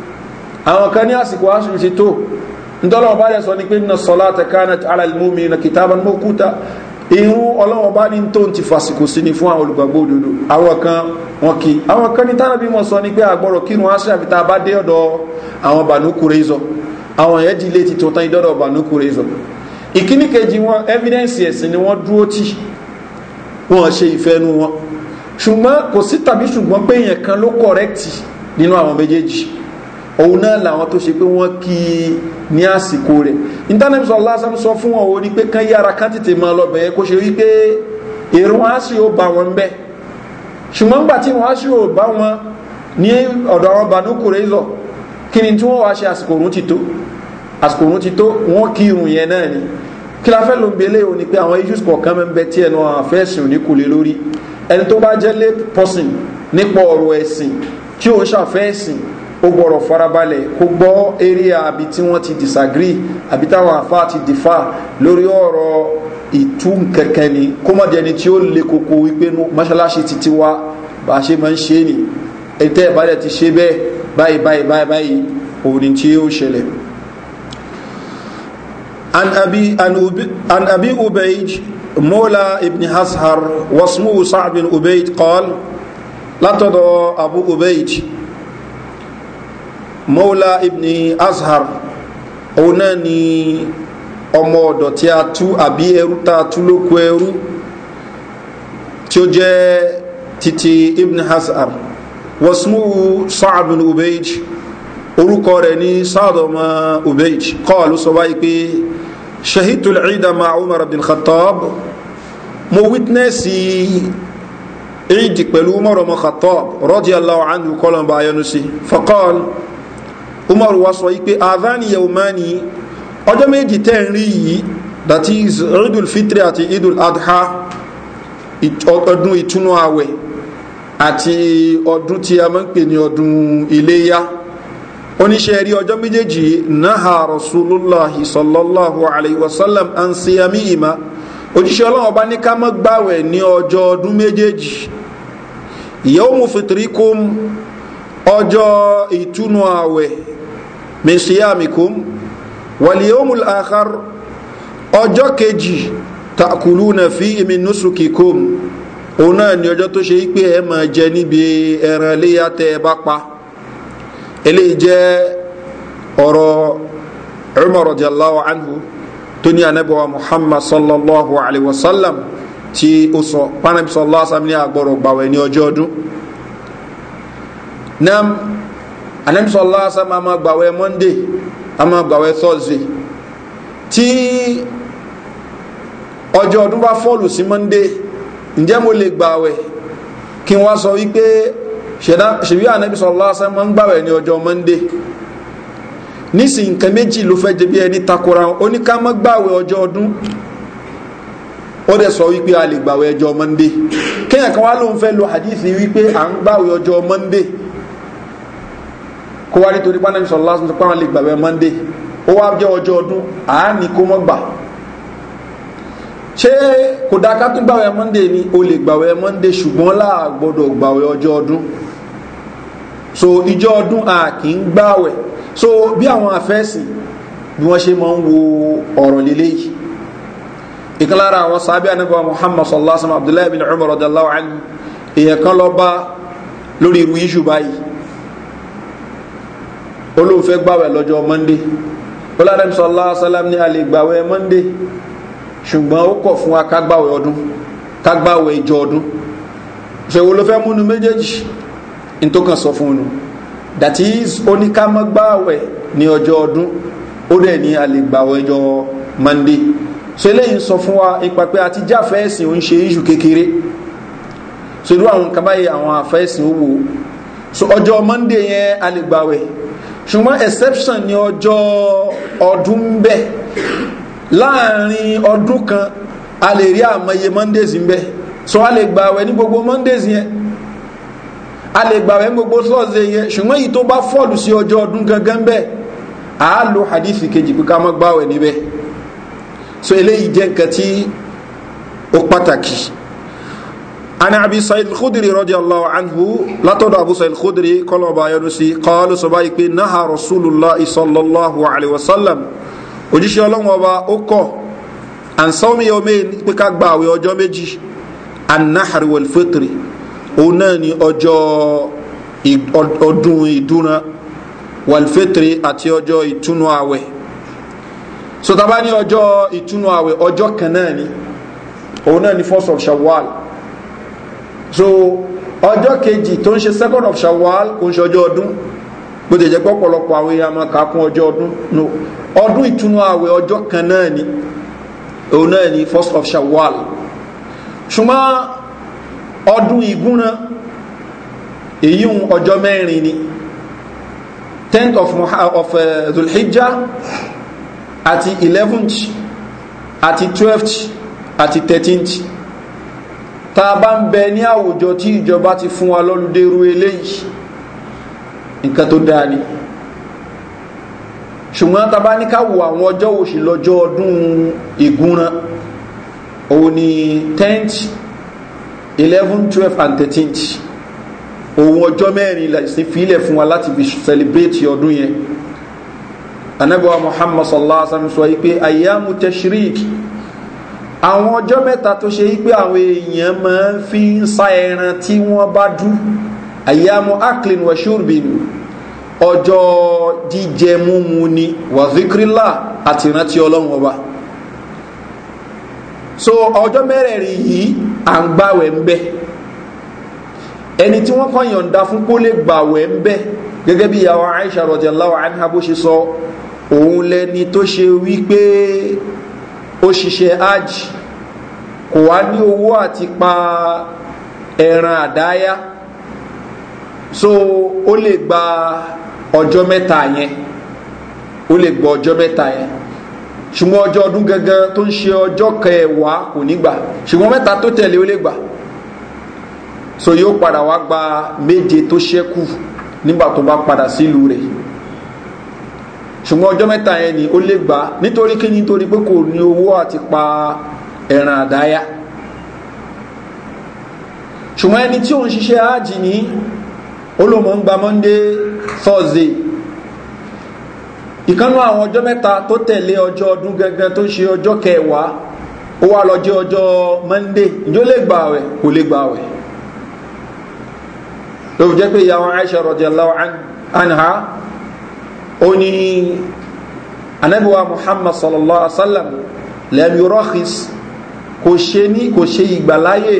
àwọn kan ní àsìkò asùn ti tó ntọ́lọ́wọ́ bá sọ ní pé nínú sọlá tẹ̀kánà alàlmúmi na kìtàbà ní mọ́kúta irun ọlọ́wọ́ bá ní tó ti fàsìkò sí ni fún àwọn olùgbàgbọ́ òdodo àwọn kan wọn kì àwọn kan ní tánàbí mọ̀ sọ ní pé àgbọ̀rọ̀ kírun aṣẹ́ àfitá bá dé ọ̀dọ̀ àwọn bànúkúrẹ́ zọ àwọn yẹn di ilé ti tán ìdọ́dọ̀ bànúkúrẹ́ zọ ìkíní kejì wọn evidence ẹ̀sìn ni wọ́n dúró tì wọ́n ṣe ìfẹ́ nu wọn ṣùgbọ́n kò sí tàbí ṣùgbọ́n pé èèyàn kan ló correct nínú àwọn méjèèjì òun náà làwọn tó ṣe pé wọ́n kí i ní àsìkò rẹ̀ intanẹ́tì sọ lásán sọ fún wọn ò ní pé kán yára kán tètè máa lọ bẹ̀yẹ kó ṣe rí pé èrún àṣì ò bá wọn bẹ́ ṣùgbọ́n gbà tí wọ́n àṣì ò bá wọn ní ọ̀dọ̀ àwọn bànúkùrẹ́ lọ kí ni tí wọ́n wá ṣe àsìkò òun ti tó àsìkò òun ti tó wọ́n kí irun yẹn náà ni kí la fẹ́ ló ń belé o ni pé àwọn issues kọ̀ọ̀kan mẹ́ ń bẹ tí ẹnu àfẹ́sìn òní kò lè lórí ẹni tó bá jẹ́ lé person nípa ọ̀rọ̀ ẹ̀sìn tí òun ṣàfẹ́ ẹ̀sìn ó gbọ́rọ̀ farabalẹ̀ kó gbọ́ area àbí tí wọ́n ti disagree àbí táwọn àfa ti dìfà lórí ọ̀rọ̀ ìtú kẹ̀kẹ́ ni kó mọ̀ jẹni tí ó le koko wípé mọ́ṣáláṣí ti tiwa bá ṣe máa ń ṣe ni ẹ̀tẹ́ ìbálẹ̀ ti ṣe bẹ́ẹ̀ báyìí báyìí báyìí báyìí òní tí ó ṣẹlẹ̀ عن أبي أبيج مولى ابن هسهر واسمه سعد بن أبيج قال لا تدعو أبو أبيج mọ́wúlá ibn azhar òun náà ni ọmọ ọ̀dọ̀ tí a tú àbí ẹrú tá a tú lóko ẹrú tí ó jẹ́ titi ibn azhar wasmuhu sa'ad bin ubeid orúkọ rẹ̀ ní sa'ad ọmọ ubeid kọ́ọ̀lù sọ báyìí pé shahitul ciida umar bin khatab mo witnessi ciidi pẹ̀lú umar ọmọ khatab rọ́dí allahu anhu bá yẹnu sí faqal umar wa sọ wípé adhani yaumani ọjọ́ méjì tẹ́ ń rí yìí that is idul fitri àti idul adha ọdún ìtúnú àwẹ̀ àti ọdún tí a máa ń pè ní ọdún iléyá oníṣẹ́ rí ọjọ́ méjèèjì náà rasulullahi sallallahu alaihi wasallam an siyami ima òjíṣẹ́ ọlọ́wọ́ bá ní ká mọ́ gbáwẹ̀ ní ọjọ́ ọdún méjèèjì yawmu fitrikum ọjọ́ ìtúnú àwẹ̀ min siyamikum waliyomul akhar ọjọ́ kejì takuluna fi imi nusukikum òun náà ni ọjọ́ tó ṣe pé ẹ máa jẹ níbi ẹran iléyà tẹ ẹ bá pa eléyìí jẹ́ ọ̀rọ̀ umar radiyallahu anhu tó ní anabiwa muhammad sallallahu alaihi wasallam tí ó sọ panabi sallallahu alaihi wasallam ní agbọ̀rọ̀ gbàwẹ̀ ní ọdún anẹ́bísọ́lá sábà máa gbàwẹ́ monday a máa gbàwẹ́ thursday Ti ọjọ́ ọdún bá fọ́ọ̀lù sí monday ǹjẹ́ mo lè gbàwẹ́ kí wá sọ wípé ṣèbí anẹ́bísọ́lá sábà máa ń gbàwẹ́ ní ọjọ́ monday Nisi nǹkan méjì ló fẹ́ jẹ bí ẹni takora ó ní ká mọ́ gbàwẹ̀ ọjọ́ ọdún ó dẹ̀ sọ wípé a lè gbàwẹ̀ ọjọ́ monday kéèyàn kan wá lóun fẹ́ lo hadith wípé à ń gbàwẹ̀ ọjọ́ monday kó wá nítorí pánẹ́mì sọ lásán tó pàwọn lè gbàwẹ̀ mọ́ndé ó wá jẹ́ ọjọ́ ọdún àání kó mọ́ gbà ṣé kò dá ká tún gbàwẹ̀ mọ́ndé ni o lè gbàwẹ̀ mọ́ndé ṣùgbọ́n láà gbọ́dọ̀ gbàwẹ̀ ọjọ́ ọdún so ìjọ ọdún a kì í gbàwẹ̀ so bí àwọn àfẹ́sìn bí wọ́n ṣe máa ń wo ọ̀rọ̀ lélẹ́yìí ìkan lára àwọn sábẹ́ anábọ̀ muhammad sallallahu alaihi wa sallam abdullahi bin umar radiyallahu anhu èèyàn kan lọ bá lórí irú iṣu báyìí olóhùn fẹ́ gbàwẹ̀ lọ́jọ́ monday olùdarí sọlá sálám ní alẹ́ gbàwẹ̀ monday ṣùgbọ́n ó kọ̀ fún wa ká gbàwẹ̀ ọdún ká gbàwẹ̀ ìjọ ọdún ṣèwò ló fẹ́ múnu méjèèjì ní tó kàn sọ fún un that is oníkàmọ́ gbàwẹ̀ ní ọjọ́ ọdún ó dẹ̀ ní alẹ́ gbàwẹ̀ ọjọ́ monday ṣẹlẹ́yìn sọ fún wa ipa pé àti jáfẹ́ ẹ̀sìn ò ń ṣe iṣu kékeré ṣèlú àwọn kábàyè àwọn àfẹ́ ẹ̀sìn ó wò ọjọ́ monday yẹn alẹ́ ṣùgbọ́n exception ni ọjọ́ ọdún ń bẹ láàrin ọdún kan a lè rí àmọye mondays ń bẹ so a lè gbàwẹ̀ ní gbogbo mondays yẹn a lè gbàwẹ̀ ní gbogbo thursday yẹn ṣùgbọ́n yìí tó bá fọ́ọ̀lù sí ọjọ́ ọdún gangan bẹ́ẹ̀ a lo hadith kejì pé ká má gbàwẹ̀ níbẹ̀ so eléyìí jẹ́ nǹkan tí ó pàtàkì عن أبي سعيد الخدري رضي الله عنه لا تدع أبو سعيد الخدري قال أبا يونسي قال سبايك نهى رسول الله صلى الله عليه وسلم وجيش يولون وبا أكو عن صوم يومين بكاك باوي وجو مجي النحر والفطر وناني أجو أدون يدونا والفطر أتي أجو يتونو آوي so tabani ọjọ́ ìtúnu àwẹ̀ ọjọ́ kan náà ni òun náà ni first of shawwal so ọjọ́ kejì tó ń ṣe second of shawwal kò ń ṣe ọjọ́ ọdún bó ti jẹ́ pọ́pọ̀lọpọ̀ àwọn èèyàn máa kà kún ọjọ́ ọdún no ọdún ìtúnú àwẹ̀ ọjọ́ kan náà ni òun náà ni first of shawwal ṣùgbọ́n ọdún ìgúnra èyí ń ọjọ́ mẹ́rin ni tenth of, of uh, eh, zulhijjah àti eleventh àti twelfth àti thirteenth tá a bá ń bẹ ní àwùjọ tí ìjọba ti fún wa lọ́lùdérú eléyìí nǹkan tó dáa ni ṣùgbọ́n tá bá ní ká àwọn ọjọ́ òṣì lọ́jọ́ ọdún ìgúnran òun ni 10th 11th 12th and 13th òun ọjọ́ mẹ́rin sí fílẹ̀ fún wa láti fi celebrate ọdún yẹn anabiwa muhammad sallallahu alaihi wa sallam sọ yìí ayyamu tashrik àwọn ọjọ́ mẹ́ta tó ṣe wípé àwọn èèyàn máa ń fi ń sa ẹran tí wọ́n bá dú àyàmú aklin wa shurbin ọjọ́ jíjẹ múmu ni wà àti ìrántí ọlọ́run ọba so ọjọ́ mẹ́rẹ̀ẹ̀rin yìí à ń gbàwẹ̀ ń bẹ́ ẹni tí wọ́n kàn yọ̀ǹda fún pólè gbàwẹ̀ ń bẹ́ gẹ́gẹ́ bí ìyàwó aisha rọ̀jẹ̀ láwọ̀ anha ṣe sọ òun lẹni tó ṣe wípé ó ṣiṣẹ́ hajj kò wá ní owó àti pa ẹran àdáyá so ó lè gba ọjọ́ mẹ́ta yẹn ó lè gba ọjọ́ mẹ́ta yẹn ṣùgbọ́n ọjọ́ ọdún gangan tó ń ṣe ọjọ́ kẹwàá kò ní ṣùgbọ́n mẹ́ta tó tẹ̀lé ó lè gbà so yóò padà wá gba méje tó ṣẹ́kù nígbà tó bá padà sílùú rẹ̀ ṣùgbọ́n ọjọ́ mẹ́ta yẹn ni ó lè gbà nítorí kí nítorí pé kò ní owó àti pa ẹran àdáyá ṣùgbọ́n ẹni tí ó ń ṣiṣẹ́ ájì ní olómọ̀ ń gba monday thursday ìkánú àwọn ọjọ́ mẹ́ta tó tẹ̀lé ọjọ́ ọdún gẹ́gẹ́ tó ṣe ọjọ́ kẹwàá ó wá lọ ọjọ́ monday ìjọ lè gbà wẹ̀ kò lè gbà wẹ̀ ló pé ìyàwó aisha rọ̀dí aláwọ̀ anha ó ní anabiwa muhammad sallallahu alaihi wa sallam lẹ́mi rọ́ọ̀kìs kò ṣe ní kò ṣe ìgbàláyè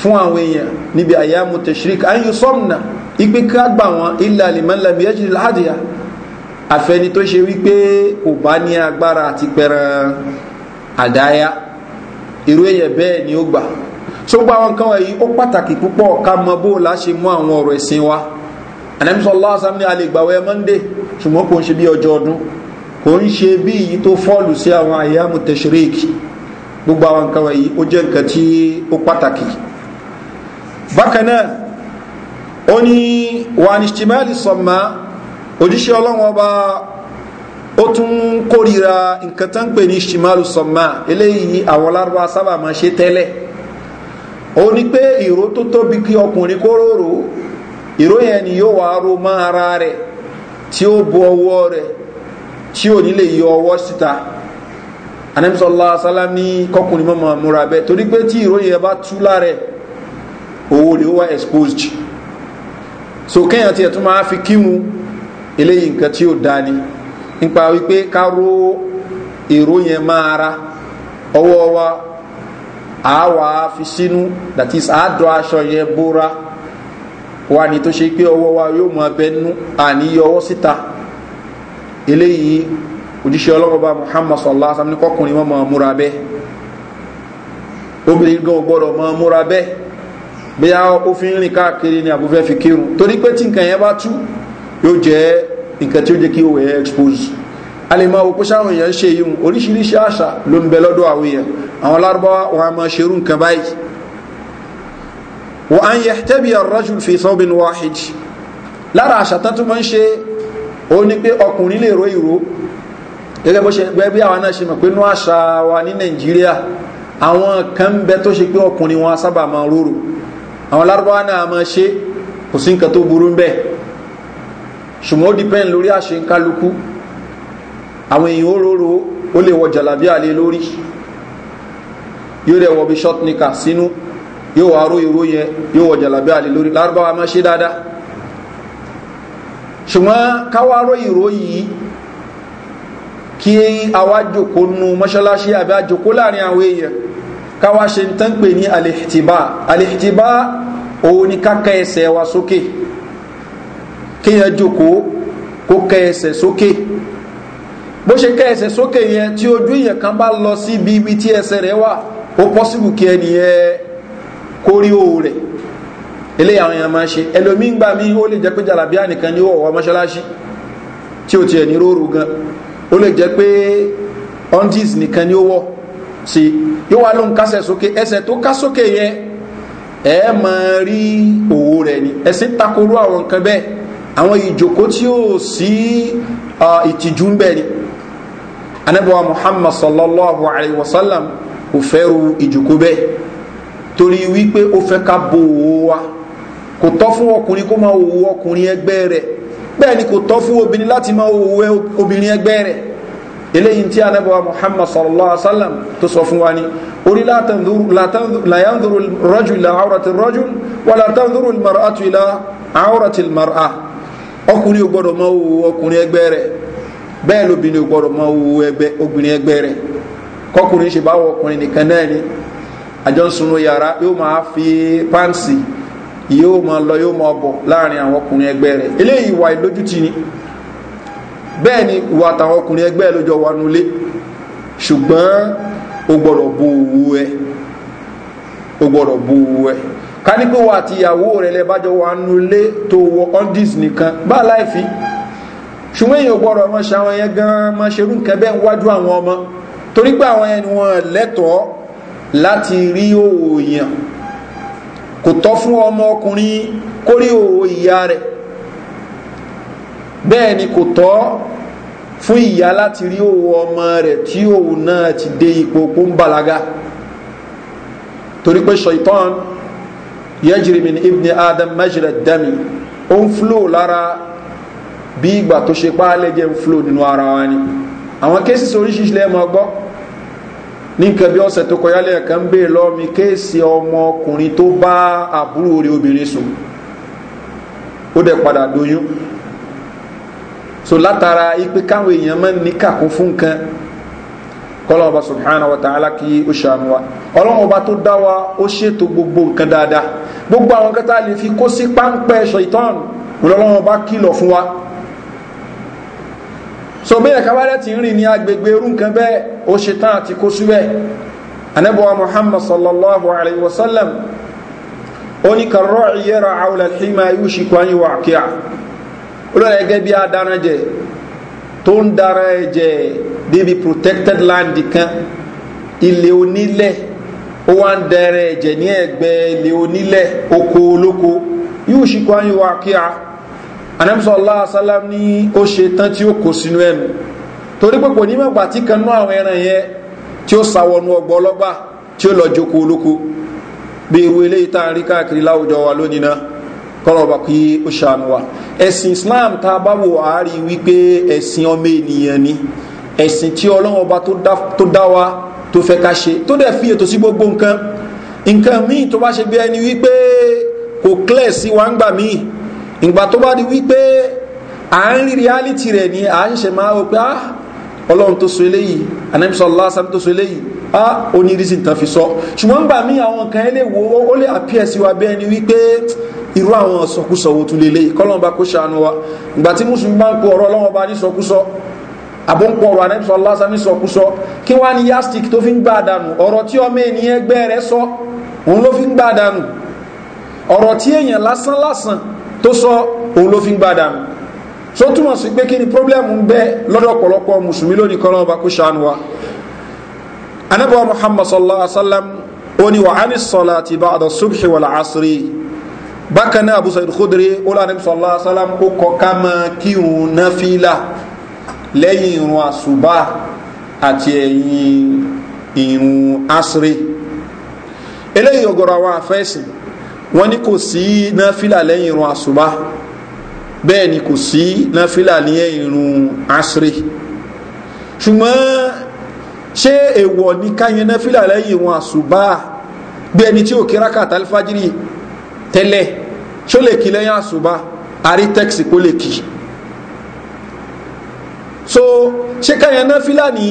fún àwọn èèyàn níbi àyàmú tẹ̀síríkì ayé sọ́mùnà ipe ká gbà wọn ilẹ̀ alimọ́lẹ́mi ẹ̀jẹ̀ láàdìyà àfẹni tó ṣe wípé kò bá ní agbára àti pẹran àdáyà irú èèyàn bẹ́ẹ̀ ni ó gbà tó gba àwọn nǹkan wọ̀nyí ó pàtàkì púpọ̀ ká mọ bó la mú àwọn ọ̀rọ̀ ẹ̀sìn wa ànàmísọ̀ lọ́sàn-án alẹ́ ìgbàwẹ́ monday ṣùgbọ́n kò ń ṣe bí ọjọ́ ọdún kò ń ṣe bí èyí tó fọ́ọ̀lù sí àwọn àyàmù tẹ̀ṣíríkì gbogbo àwọn nǹkan wọ̀nyí ó jẹ́ nǹkan tí ó pàtàkì bákan náà ó ní wàníṣtìmáàlì sọ̀mà òjíṣẹ́ ọlọ́run ọba ó tún kórìíra nǹkan tán pè ní ṣtìmáàlì sọ̀mà eléyìí àwọn lárúbá sábà máa ṣe tẹ́lẹ̀ ó ní pé ìró tó tóbi kí ọkùnrin kó ìró yẹn ni yóò wá ro mọ́ ara rẹ̀ tí ó bo ọwọ́ rẹ̀ tí ò ní lè yọ ọwọ́ síta anẹ́bísọ́lá sálám ní kọkùnrin mọ́mọ́ múra bẹ́ẹ̀ torí pé tí ìròyìn ẹ bá tú lára owó lè wá exposed so kéèyàn tiẹ̀ tún máa fi kírun eléyìí nǹkan tí ó dání nípa wípé ká ró èrò yẹn máa ra ọwọ́ wa àá wàá fi sínú that is àádọ́ aṣọ yẹn bóra wà ní tó ṣe pé ọwọ́ wa yóò mọ abẹ nú àníyọ ọwọ́ síta eléyìí òjíṣẹ́ ọlọ́mọba muhammad sallallahu alaihi wa sallam kọkùnrin mọ́ mọ́ múra bẹ́ẹ̀ obìnrin gan gbọ́dọ̀ mọ́ múra bẹ́ẹ̀ bí a ó fi ń rìn káàkiri ni àbúfẹ́ fi kírun torí pé tí nǹkan yẹn bá tú yóò jẹ́ nǹkan tí ó jẹ́ kí ó wẹ̀ expose a lè máa òpó sáwọn èèyàn ṣe yìí oríṣiríṣi àṣà ló ń bẹ lọ́dọ̀ àwọn èèyàn àwọn lárúbáwá wọn a máa wọ́n á ń yẹ tẹ́bi ar-rajul fi thawbin wahid lára àṣà tán tó máa ń ṣe ó ní pé ọkùnrin lè ro ìró gẹ́gẹ́ bó ṣe gbẹ́ bí àwọn náà ṣe mọ̀ pé inú àṣà wa ní nàìjíríà àwọn kan bẹ tó ṣe pé ọkùnrin wọn sábà máa rorò àwọn lárúbáwá náà máa ṣe kò sí nǹkan tó burú ń ṣùgbọ́n ó dìpẹ́ǹ lórí àṣẹ ń kálukú àwọn èèyàn oróró ó lè wọ jàlábí àlè lórí yóò rẹ̀ wọ bí short nika sínú yóò wá ró ìró yẹn yóò wọ jàlábí àlè lórí lárúbáwá máa ṣe dáadáa ṣùgbọ́n káwá ró yìí kí àwa jòkó nu mọ́ṣáláṣí àbí àjòkó láàrin àwọn èèyàn káwá ṣe ń tán pè ní alìhtìbá alìhtìbá òun ni káka ẹsẹ̀ wa sókè kéèyàn jòkó kó ka ẹsẹ̀ sókè bó ṣe ká ẹsẹ̀ sókè yẹn tí ojú èèyàn kan bá lọ sí ibi tí ẹsẹ̀ rẹ̀ wà ó pọ́sibù kí ẹnìyẹn kó rí owó rẹ̀ eléyà àwọn èèyàn máa ṣe ẹlòmíín gbà mí ó lè jẹ́ pé jàlábíà nìkan ni ó wọ̀ mọ́ṣáláṣí tí ó tiẹ̀ ní róòrù gan ó lè jẹ́ pé undis nìkan ni ó wọ̀ sí yóò wá lóhun kásẹ̀ sókè ẹsẹ̀ tó ká sókè yẹn ẹ máa rí òwò rẹ̀ ni ẹ̀sìn takoró àwọn nǹkan bẹ́ẹ̀ àwọn ìjòkó tí ó sí ìtìjú ń bẹ̀ ni anábọ̀wá muhammad sallallahu alayhi wa sallam kò fẹ́rù ìjòkó bẹ́ẹ̀ torí wípé ó fẹ́ ká bo òwò wa kò tọ́ fún ọkùnrin kó máa òwò ọkùnrin ẹgbẹ́ rẹ̀ bẹ́ẹ̀ ni kò tọ́ fún obìnrin láti máa òwò obìnrin ẹgbẹ́ rẹ̀ eléyìí tí anábọ̀wá muhammad sallallahu alaihi wa sallam tó sọ fún wa ni orí látàndúró rọ́jù ilà àwòrán rọ́jù wà látàndúró maratu ilà àwòrán mara ọkùnrin ò gbọ́dọ̀ máa òwò ọkùnrin ẹgbẹ́ rẹ̀ bẹ́ẹ̀ lóbìnrin ò gbọ́dọ̀ máa òwò obìnrin ẹgbẹ́ rẹ̀ kọkùnrin ṣe bá wọ ọkùnrin nìkan náà ni àjọ ń sunú yàrá yóò máa fi páǹsì yóò máa lọ yóò máa bọ̀ láàrin àwọn ọkùnrin ẹgbẹ́ rẹ̀ eléyìí ìwà ìlójútì ni bẹ́ẹ̀ ni ìwà àtàwọn ọkùnrin ẹgbẹ́ lójọ wà nulẹ̀ ṣùgbọ́n o gbọ́dọ̀ bo owó ẹ o gbọ́dọ̀ bo owó ẹ ká ní pé wà àti ìyàwó rẹ̀ lẹ́ wà nulẹ̀ tó wọ ọ́ndìs nìkan bá láìfi ṣùgbọ́n èèyàn gbọ́dọ̀ ọmọ ṣe àwọn yẹn gan-an máa ṣerú nǹkan bẹ́ẹ̀ wájú àwọn ọmọ torí pé àwọn yẹn ni wọ́n lẹ́tọ̀ọ́ láti rí òwò èèyàn kò tọ́ fún ọmọ ọkùnrin kó rí òwò ìyá rẹ̀ bẹ́ẹ̀ ni kò tọ́ fún ìyá láti rí òwò ọmọ rẹ̀ tí òwò náà ti dé ipò kó ń balaga torí pé ṣaitan yajri min ibni adam majra dami ó ń fúlò lára bí ìgbà tó ṣe páálẹ̀ jẹ́ ń fúlò nínú ara wa àwọn kéṣìṣ oríṣiríṣi lẹ́mọ̀ ọgbọ́n ní nǹkan bí ọ̀sẹ̀ tó kọjá lẹ́ẹ̀kan ń béèrè lọ́wọ́ mi kéèsì ọmọ ọkùnrin tó bá àbúrò rẹ̀ obìnrin sùn ó dẹ̀ padà doyún so látara ipe káwọn èèyàn máa ń ní kàkún fún nǹkan kọ́lọ́wọ́ bá subhana wa ta'ala kí ó ṣàánú wa ọlọ́run ọba tó dá wa ó ṣètò gbogbo nǹkan dáadáa gbogbo àwọn kẹta lè fi kó sí páńpẹ́ ṣọ̀ìtọ́n ọlọ́run ọba kìlọ̀ fún wa so bẹ́ẹ̀ kábàdẹ̀ ti rìn ní agbègbè irú nǹkan bẹ́ẹ̀ ó ṣe tán àti kó síbẹ̀ anabuwa muhammad sallallahu alaihi wasallam ó ní kàrọ̀ ìyẹ́ra àwọn alhima yóò ṣe kwanye wà kíá olóòrẹ̀ gẹ́gẹ́ bí tó ń dára ẹ̀jẹ̀ débi protected land kan ilé onílẹ̀ ó wá ń dẹrẹ ẹ̀jẹ̀ ní ẹ̀gbẹ́ ilé onílẹ̀ oko olóko yóò ṣe kíá anamsọ allah salam ni ó ṣe tán tí ó kó sínú ẹnu torí pé kò ní mọ̀gbà tí kan náà àwọn ẹran yẹn tí ó sàwọnú ọgbọ ọlọ́gbà tí ó lọ joko olóko bí irú eléyìí tá à rí káàkiri láwùjọ wa lónìí náà kọ́nà ọba kí ó ṣàánú wa ẹ̀sìn islam tá a bá wò á rí wípé ẹ̀sìn ọmọ ènìyàn ni ẹ̀sìn tí ọlọ́run ọba tó dá wa tó fẹ́ ká ṣe tó dẹ̀ fi ètò sí gbogbo nǹkan nǹkan míì tó bá ṣe bí ẹni wípé kò clear sí wa ń gbà míì ìgbà tó bá di wípé à ń rí reality rẹ̀ ni à ń ṣe máa wò pé ah ọlọ́run tó so eléyìí anamisa ọlọ́sàn tó so eléyìí ah ó ní reason tán fi sọ ṣùgbọ́n gbà mí àwọn nǹkan ẹ lè wo ó lè appear sí wa bẹ́ẹ̀ ni wípé irú àwọn sọkúsọ wo tún lè léyìí kọ́lọ́n bá kó ṣàánú wa ìgbà tí mùsùlùmí bá ń pọ ọ̀rọ̀ ọlọ́run bá ní sọkúsọ àbọ̀npọ̀ ọ̀rọ̀ anamisa ọlọ́sàn ní sọkúsọ kí wá ní yastik tó fi ń gbà dànù ọ̀rọ̀ tí ọmọ ènìyàn ẹgbẹ́ rẹ sọ òun ló fi ń gbà dànù ọ̀rọ̀ tí èèyàn lásán lásán tó sọ òun ló fi ń gbádà nù so túmọ̀ sí pé kí ni pọ́blẹ́mù ń bẹ́ lọ́dọ̀ ọ̀pọ̀lọpọ̀ mùsùlùmí lónìí kọ́lọ́ ọba kó ṣàánú wa anábọ̀ muhammad sallallahu alaihi wasallam ó ní wà á ní sọ̀lá àti bá àdọ̀ subhi wà láásírì bákan náà abu sa'id khudri ó lọ́nà nabi sallallahu alaihi wasallam ó kọ ká máa kírun náfìlà lẹ́yìn irun àṣùbà àti ẹ̀yìn irun àṣírí eléyìí ọgọ̀rọ̀ àwọn àfẹ́sìn wọ́n ní kò sí náfìlà lẹ́yìn irun àṣùbá bẹ́ẹ̀ ni kò sí náfìlà lẹ́yìn irun àṣírí ṣùgbọ́n ṣé èèwọ̀ ní káyẹn náfìlà lẹ́yìn irun àṣùbá bí ẹni tí ò kí rákàtà alifájírì tẹ́lẹ̀ ṣó lè kí lẹ́yìn àṣùbá àrí tẹ́kìsì kó lè kí so ṣé káyẹn náfìlà ní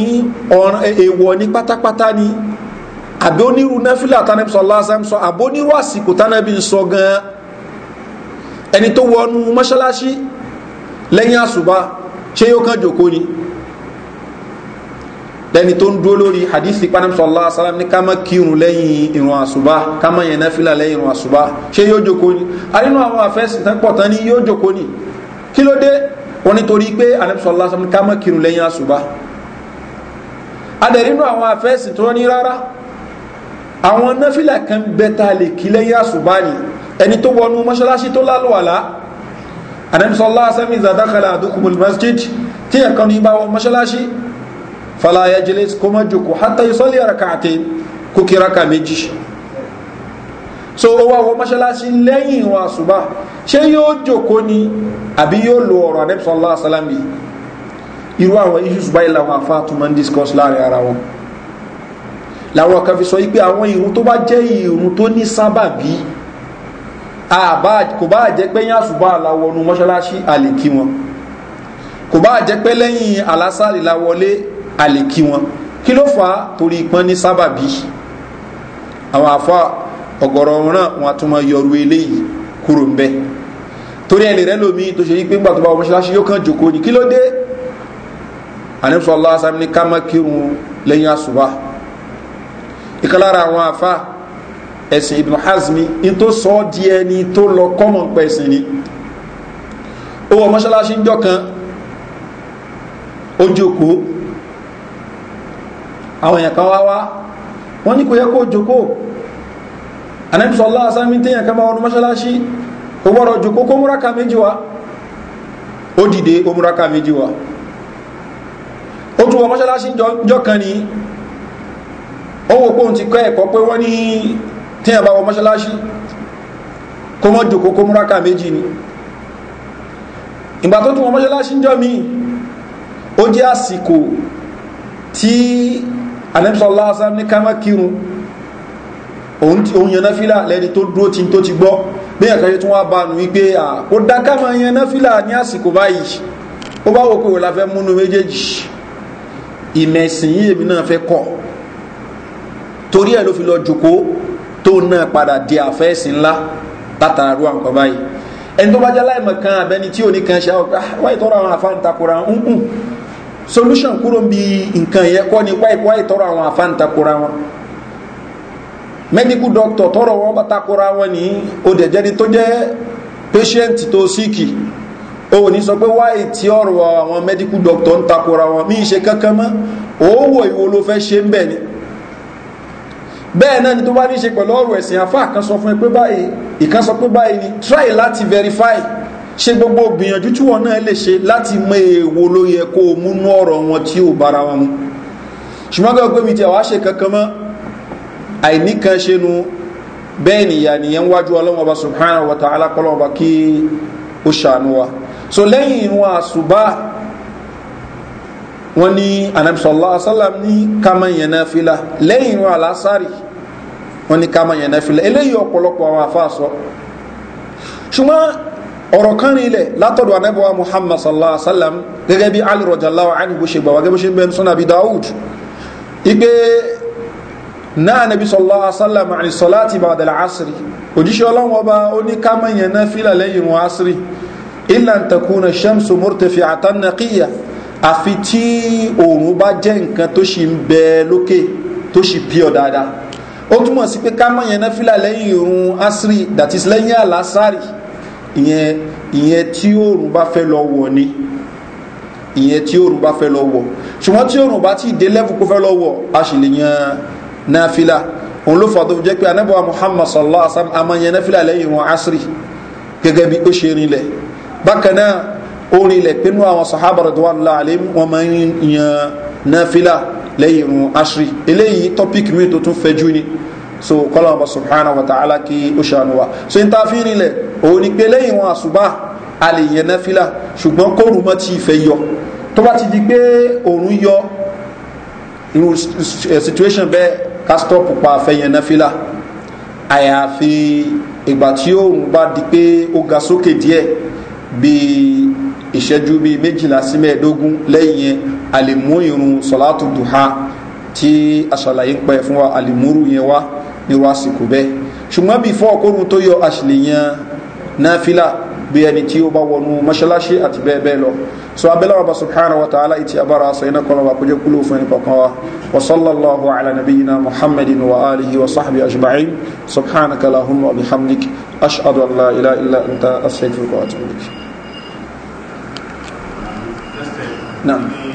ọ̀ràn èèwọ̀ ní pátápátá ni àbí onírú náfílà tánàbí sọ lásán sọ àbí onírú àsìkò tánàbí sọ gan ẹni tó wọnú mọ́ṣáláṣí lẹ́yìn àṣùbá ṣé yóò kàn jòkó ni lẹni tó ń dúró lórí hadithi panamisọlá asalam ní ká má kírun lẹ́yìn irun àṣùbá ká má yẹn náfìlà lẹ́yìn irun àṣùbá ṣé yóò jòkó ni arínú àwọn àfẹ́sìn tán pọ̀ tán ni yóò jòkó ni kí ló dé wọn nítorí pé anamisọlá asalam àwọn náfìlà kan bẹta lè kí lẹ́yìn àṣùbá ni ẹni tó wọnú mọ́ṣálásí tó lálùwàlá anẹ́mìsọ́lá sẹ́mì ìzàdákàlà àdúkùnmù masjid tí ẹ̀kọ́ ní bá wọn mọ́ṣálásí falaya jilis kó mọ́ jùkú hátà ìsọ́lẹ̀ àràkàtẹ kó kíraka méjì so ó wá wọ mọ́ṣálásí lẹ́yìn wọn àṣùbá ṣé yóò jòkó ni àbí yóò lo ọ̀rọ̀ anẹ́mìsọ́lá sẹ́lámì irú àwọn iṣu ṣùgbáyìí làwọn afá tó máa ń discuss láàrin ara wọn làwọn kan fi sọ yí pé àwọn irun tó bá jẹ́ irun tó ní sábàbí kò bá jẹ́ pé yín àṣùbà làwọnú mọ́ṣáláṣí àlè kí wọn kò bá jẹ́ pé lẹ́yìn alásàlì làwọlé àlè kí wọn kí ló fà á torí ìpọ́n ní sábàbí àwọn àfa ọ̀gọ̀rọ̀ ọ̀run náà wọn àtúmọ̀ yọrù eléyìí kúrò ń bẹ́ẹ̀ torí ẹni rẹ lómi tó ṣe yí pé ńgbà bá mọ́ṣáláṣí yóò kàn jòkó ni kí ló dé àníṣọ́ aláṣà ní ká má kírun lẹ́yìn àṣùbà ìkan lára àwọn àfa ẹ̀sìn ibn hazmi ní tó sọ ọ́ di ẹni tó lọ kọ́mọ̀ ń ẹ̀sìn ni ó wọ mọ́ṣáláṣí ń jọ kan ó jókòó àwọn èèyàn kan wá wá wọ́n ní kò yẹ kó jókòó anẹ́bísọ́lá asámi téèyàn kan máa wọnú mọ́ṣáláṣí ó gbọ́dọ̀ jókòó kó múraka méjì wá ó dìde ó múraka méjì wá ó tún wọ mọ́ṣáláṣí jọ kan ní owó pé òun ti kọ́ ẹ̀kọ́ pé wọ́n ní tí ẹ̀ bá wọ mọ́ṣáláṣí kó mọ́ jòkó kó múra ká méjì ni ìgbà tó tún wọ mọ́ṣáláṣí ń jọ mí ó jẹ́ àsìkò tí anẹ́bísọ̀ lásán ní ká má kírun òun yẹn náfílà lẹ́ni tó la fẹ́ múnú méjèèjì ìmẹ̀sìn yìí èmi náà fẹ́ kọ́ torí ẹ̀ ló fi lọ jòkó tó náà padà di àfẹ́sìn ńlá látara ru àwọn kan báyìí ẹni tó bá jẹ́ láìmọ̀ kan àbẹ́ni tí ò kan ṣe ah, àwọn pé wáyé tọ́ra àwọn àfáǹtakura ń kùn solution kúrò bí nǹkan yẹn kọ́ ni wáyé wáyé tọ́ra àwọn àfáǹtakura wọn medical doctor tọ́rọ wọn bá takura wọn ní ó dẹ̀ jẹ́ni tó jẹ́ patient tó síkì o ní sọ pé wáyé tí ọ̀rọ̀ àwọn medical doctor ń takura wọn mí ṣe kankan mọ́ òówò ìwo ló fẹ́ ṣe ń bẹ̀ ni bẹ́ẹ̀ náà ni tó bá ní ṣe pẹ̀lú ọ̀rọ̀ ẹ̀sìn àfá kan sọ fún ẹ pé báyìí ìkan sọ pé báyìí ni try láti verify ṣe gbogbo gbìyànjú tí wọn náà lè ṣe láti mọ èèwo ló yẹ kó o múnú ọ̀rọ̀ wọn tí ò bára wọn mu ṣùgbọ́n gbọ́dọ̀ pé mi ti àwa ṣe kankan mọ́ àìníkan ṣe nu bẹ́ẹ̀ nìyà nìyẹn wájú ọlọ́wọ́n ọba subhanahu wa ta'ala kọ́lọ́ ọba kí ó ṣàánú wa so lẹ́yìn inú àṣùbá wọn ni anabisalaam ní kàmáyẹn náà fila lẹ́yìn inú àlásàrì wọ́n ní ká máa yẹn náfìlà eléyìí ọ̀pọ̀lọpọ̀ àwọn àfáà sọ ṣùgbọ́n ọ̀rọ̀ kan rí ilẹ̀ látọ̀dọ̀ anábọ̀wá muhammad sallallahu alaihi wasallam gẹ́gẹ́ bí ali rọ̀jàláwà ánìbó ṣe gbà wá gẹ́gẹ́ bó ṣe ń bẹnu sọ́nà bí daoud igbe náà nàbí sallallahu alaihi wasallam àni sọláti bàdàlà asiri òjíṣẹ́ ọlọ́wọ́ bá ó ní ká máa yẹn náfìlà lẹ́yìn wọn asiri ilà ń takùnà shamsu murtafi àtànàkíyà àfi tí òòrùn bá jẹ́ nǹkan tó ṣì ń bẹ lókè tó ṣì pí ọ̀ dáadáa ó túmọ̀ sí pé ká mọ̀yẹn náà fílà lẹ́yìn irun asiri that is lẹ́yìn àlásàrì ìyẹn ìyẹn tí oòrùn bá fẹ́ lọ wọ̀ ni ìyẹn tí oòrùn bá fẹ́ lọ wọ̀ ṣùgbọ́n tí oòrùn bá ti dé lẹ́fù kó fẹ́ lọ wọ̀ a sì lè yan náà fílà òun ló fà jẹ́ pé anábọ̀wá muhammad sallallahu alaihi wa sallam a mọ̀yẹn náà fílà lẹ́yìn irun asiri gẹ́gẹ́ bí ó ṣe rinlẹ̀ bákan náà ó rinlẹ̀ pínú àwọn sahaba rẹ̀ tó wà lálẹ́ wọn máa ń yan náfílà lẹ́yìn irun ashri eléyìí topic mi tó tún fẹjú ni so kọ́lá ọba subhanahu wa ta'ala kí ó ṣàánú wa so n ta fi rinlẹ̀ òun ni pé lẹ́yìn wọn àṣùbá a lè yẹ náfílà ṣùgbọ́n kóòrùn mọ́ ti ìfẹ́ yọ tó bá ti di pé òòrùn yọ irú situation bẹ́ẹ̀ ká stop pa àfẹ́yẹn náfílà àyàfi ìgbà tí òòrùn bá di pé ó ga sókè díẹ̀ bíi ìṣẹ́jú bíi méjìlá sí mẹ́ẹ̀ẹ́dógún lẹ́yìn yẹn a lè mú irun sọ̀látù duha tí aṣàlàyé ń pẹ́ fún wa a lè múrú yẹn wá nírú àsìkò bẹ́ẹ̀ ṣùgbọ́n bí fọ́ ọkọ̀run tó yọ àṣìlèyàn náfílà bí ẹni tí ó bá wọnú mọ́ṣáláṣí àti bẹ́ẹ̀ bẹ́ẹ̀ lọ so abẹ́lẹ́ ọba subhanahu wa ta'ala ìtì abára sọ iná kọlọ̀ wà kó jẹ́ kúlò fún ẹni kọ̀kan wa wa sallallahu ala nabiyyina muhammadin wa alihi wa sahbihi ajma'in subhanaka allahumma wa bihamdik ashhadu an la ilaha illa anta astaghfiruka wa atubu ilayk Naam.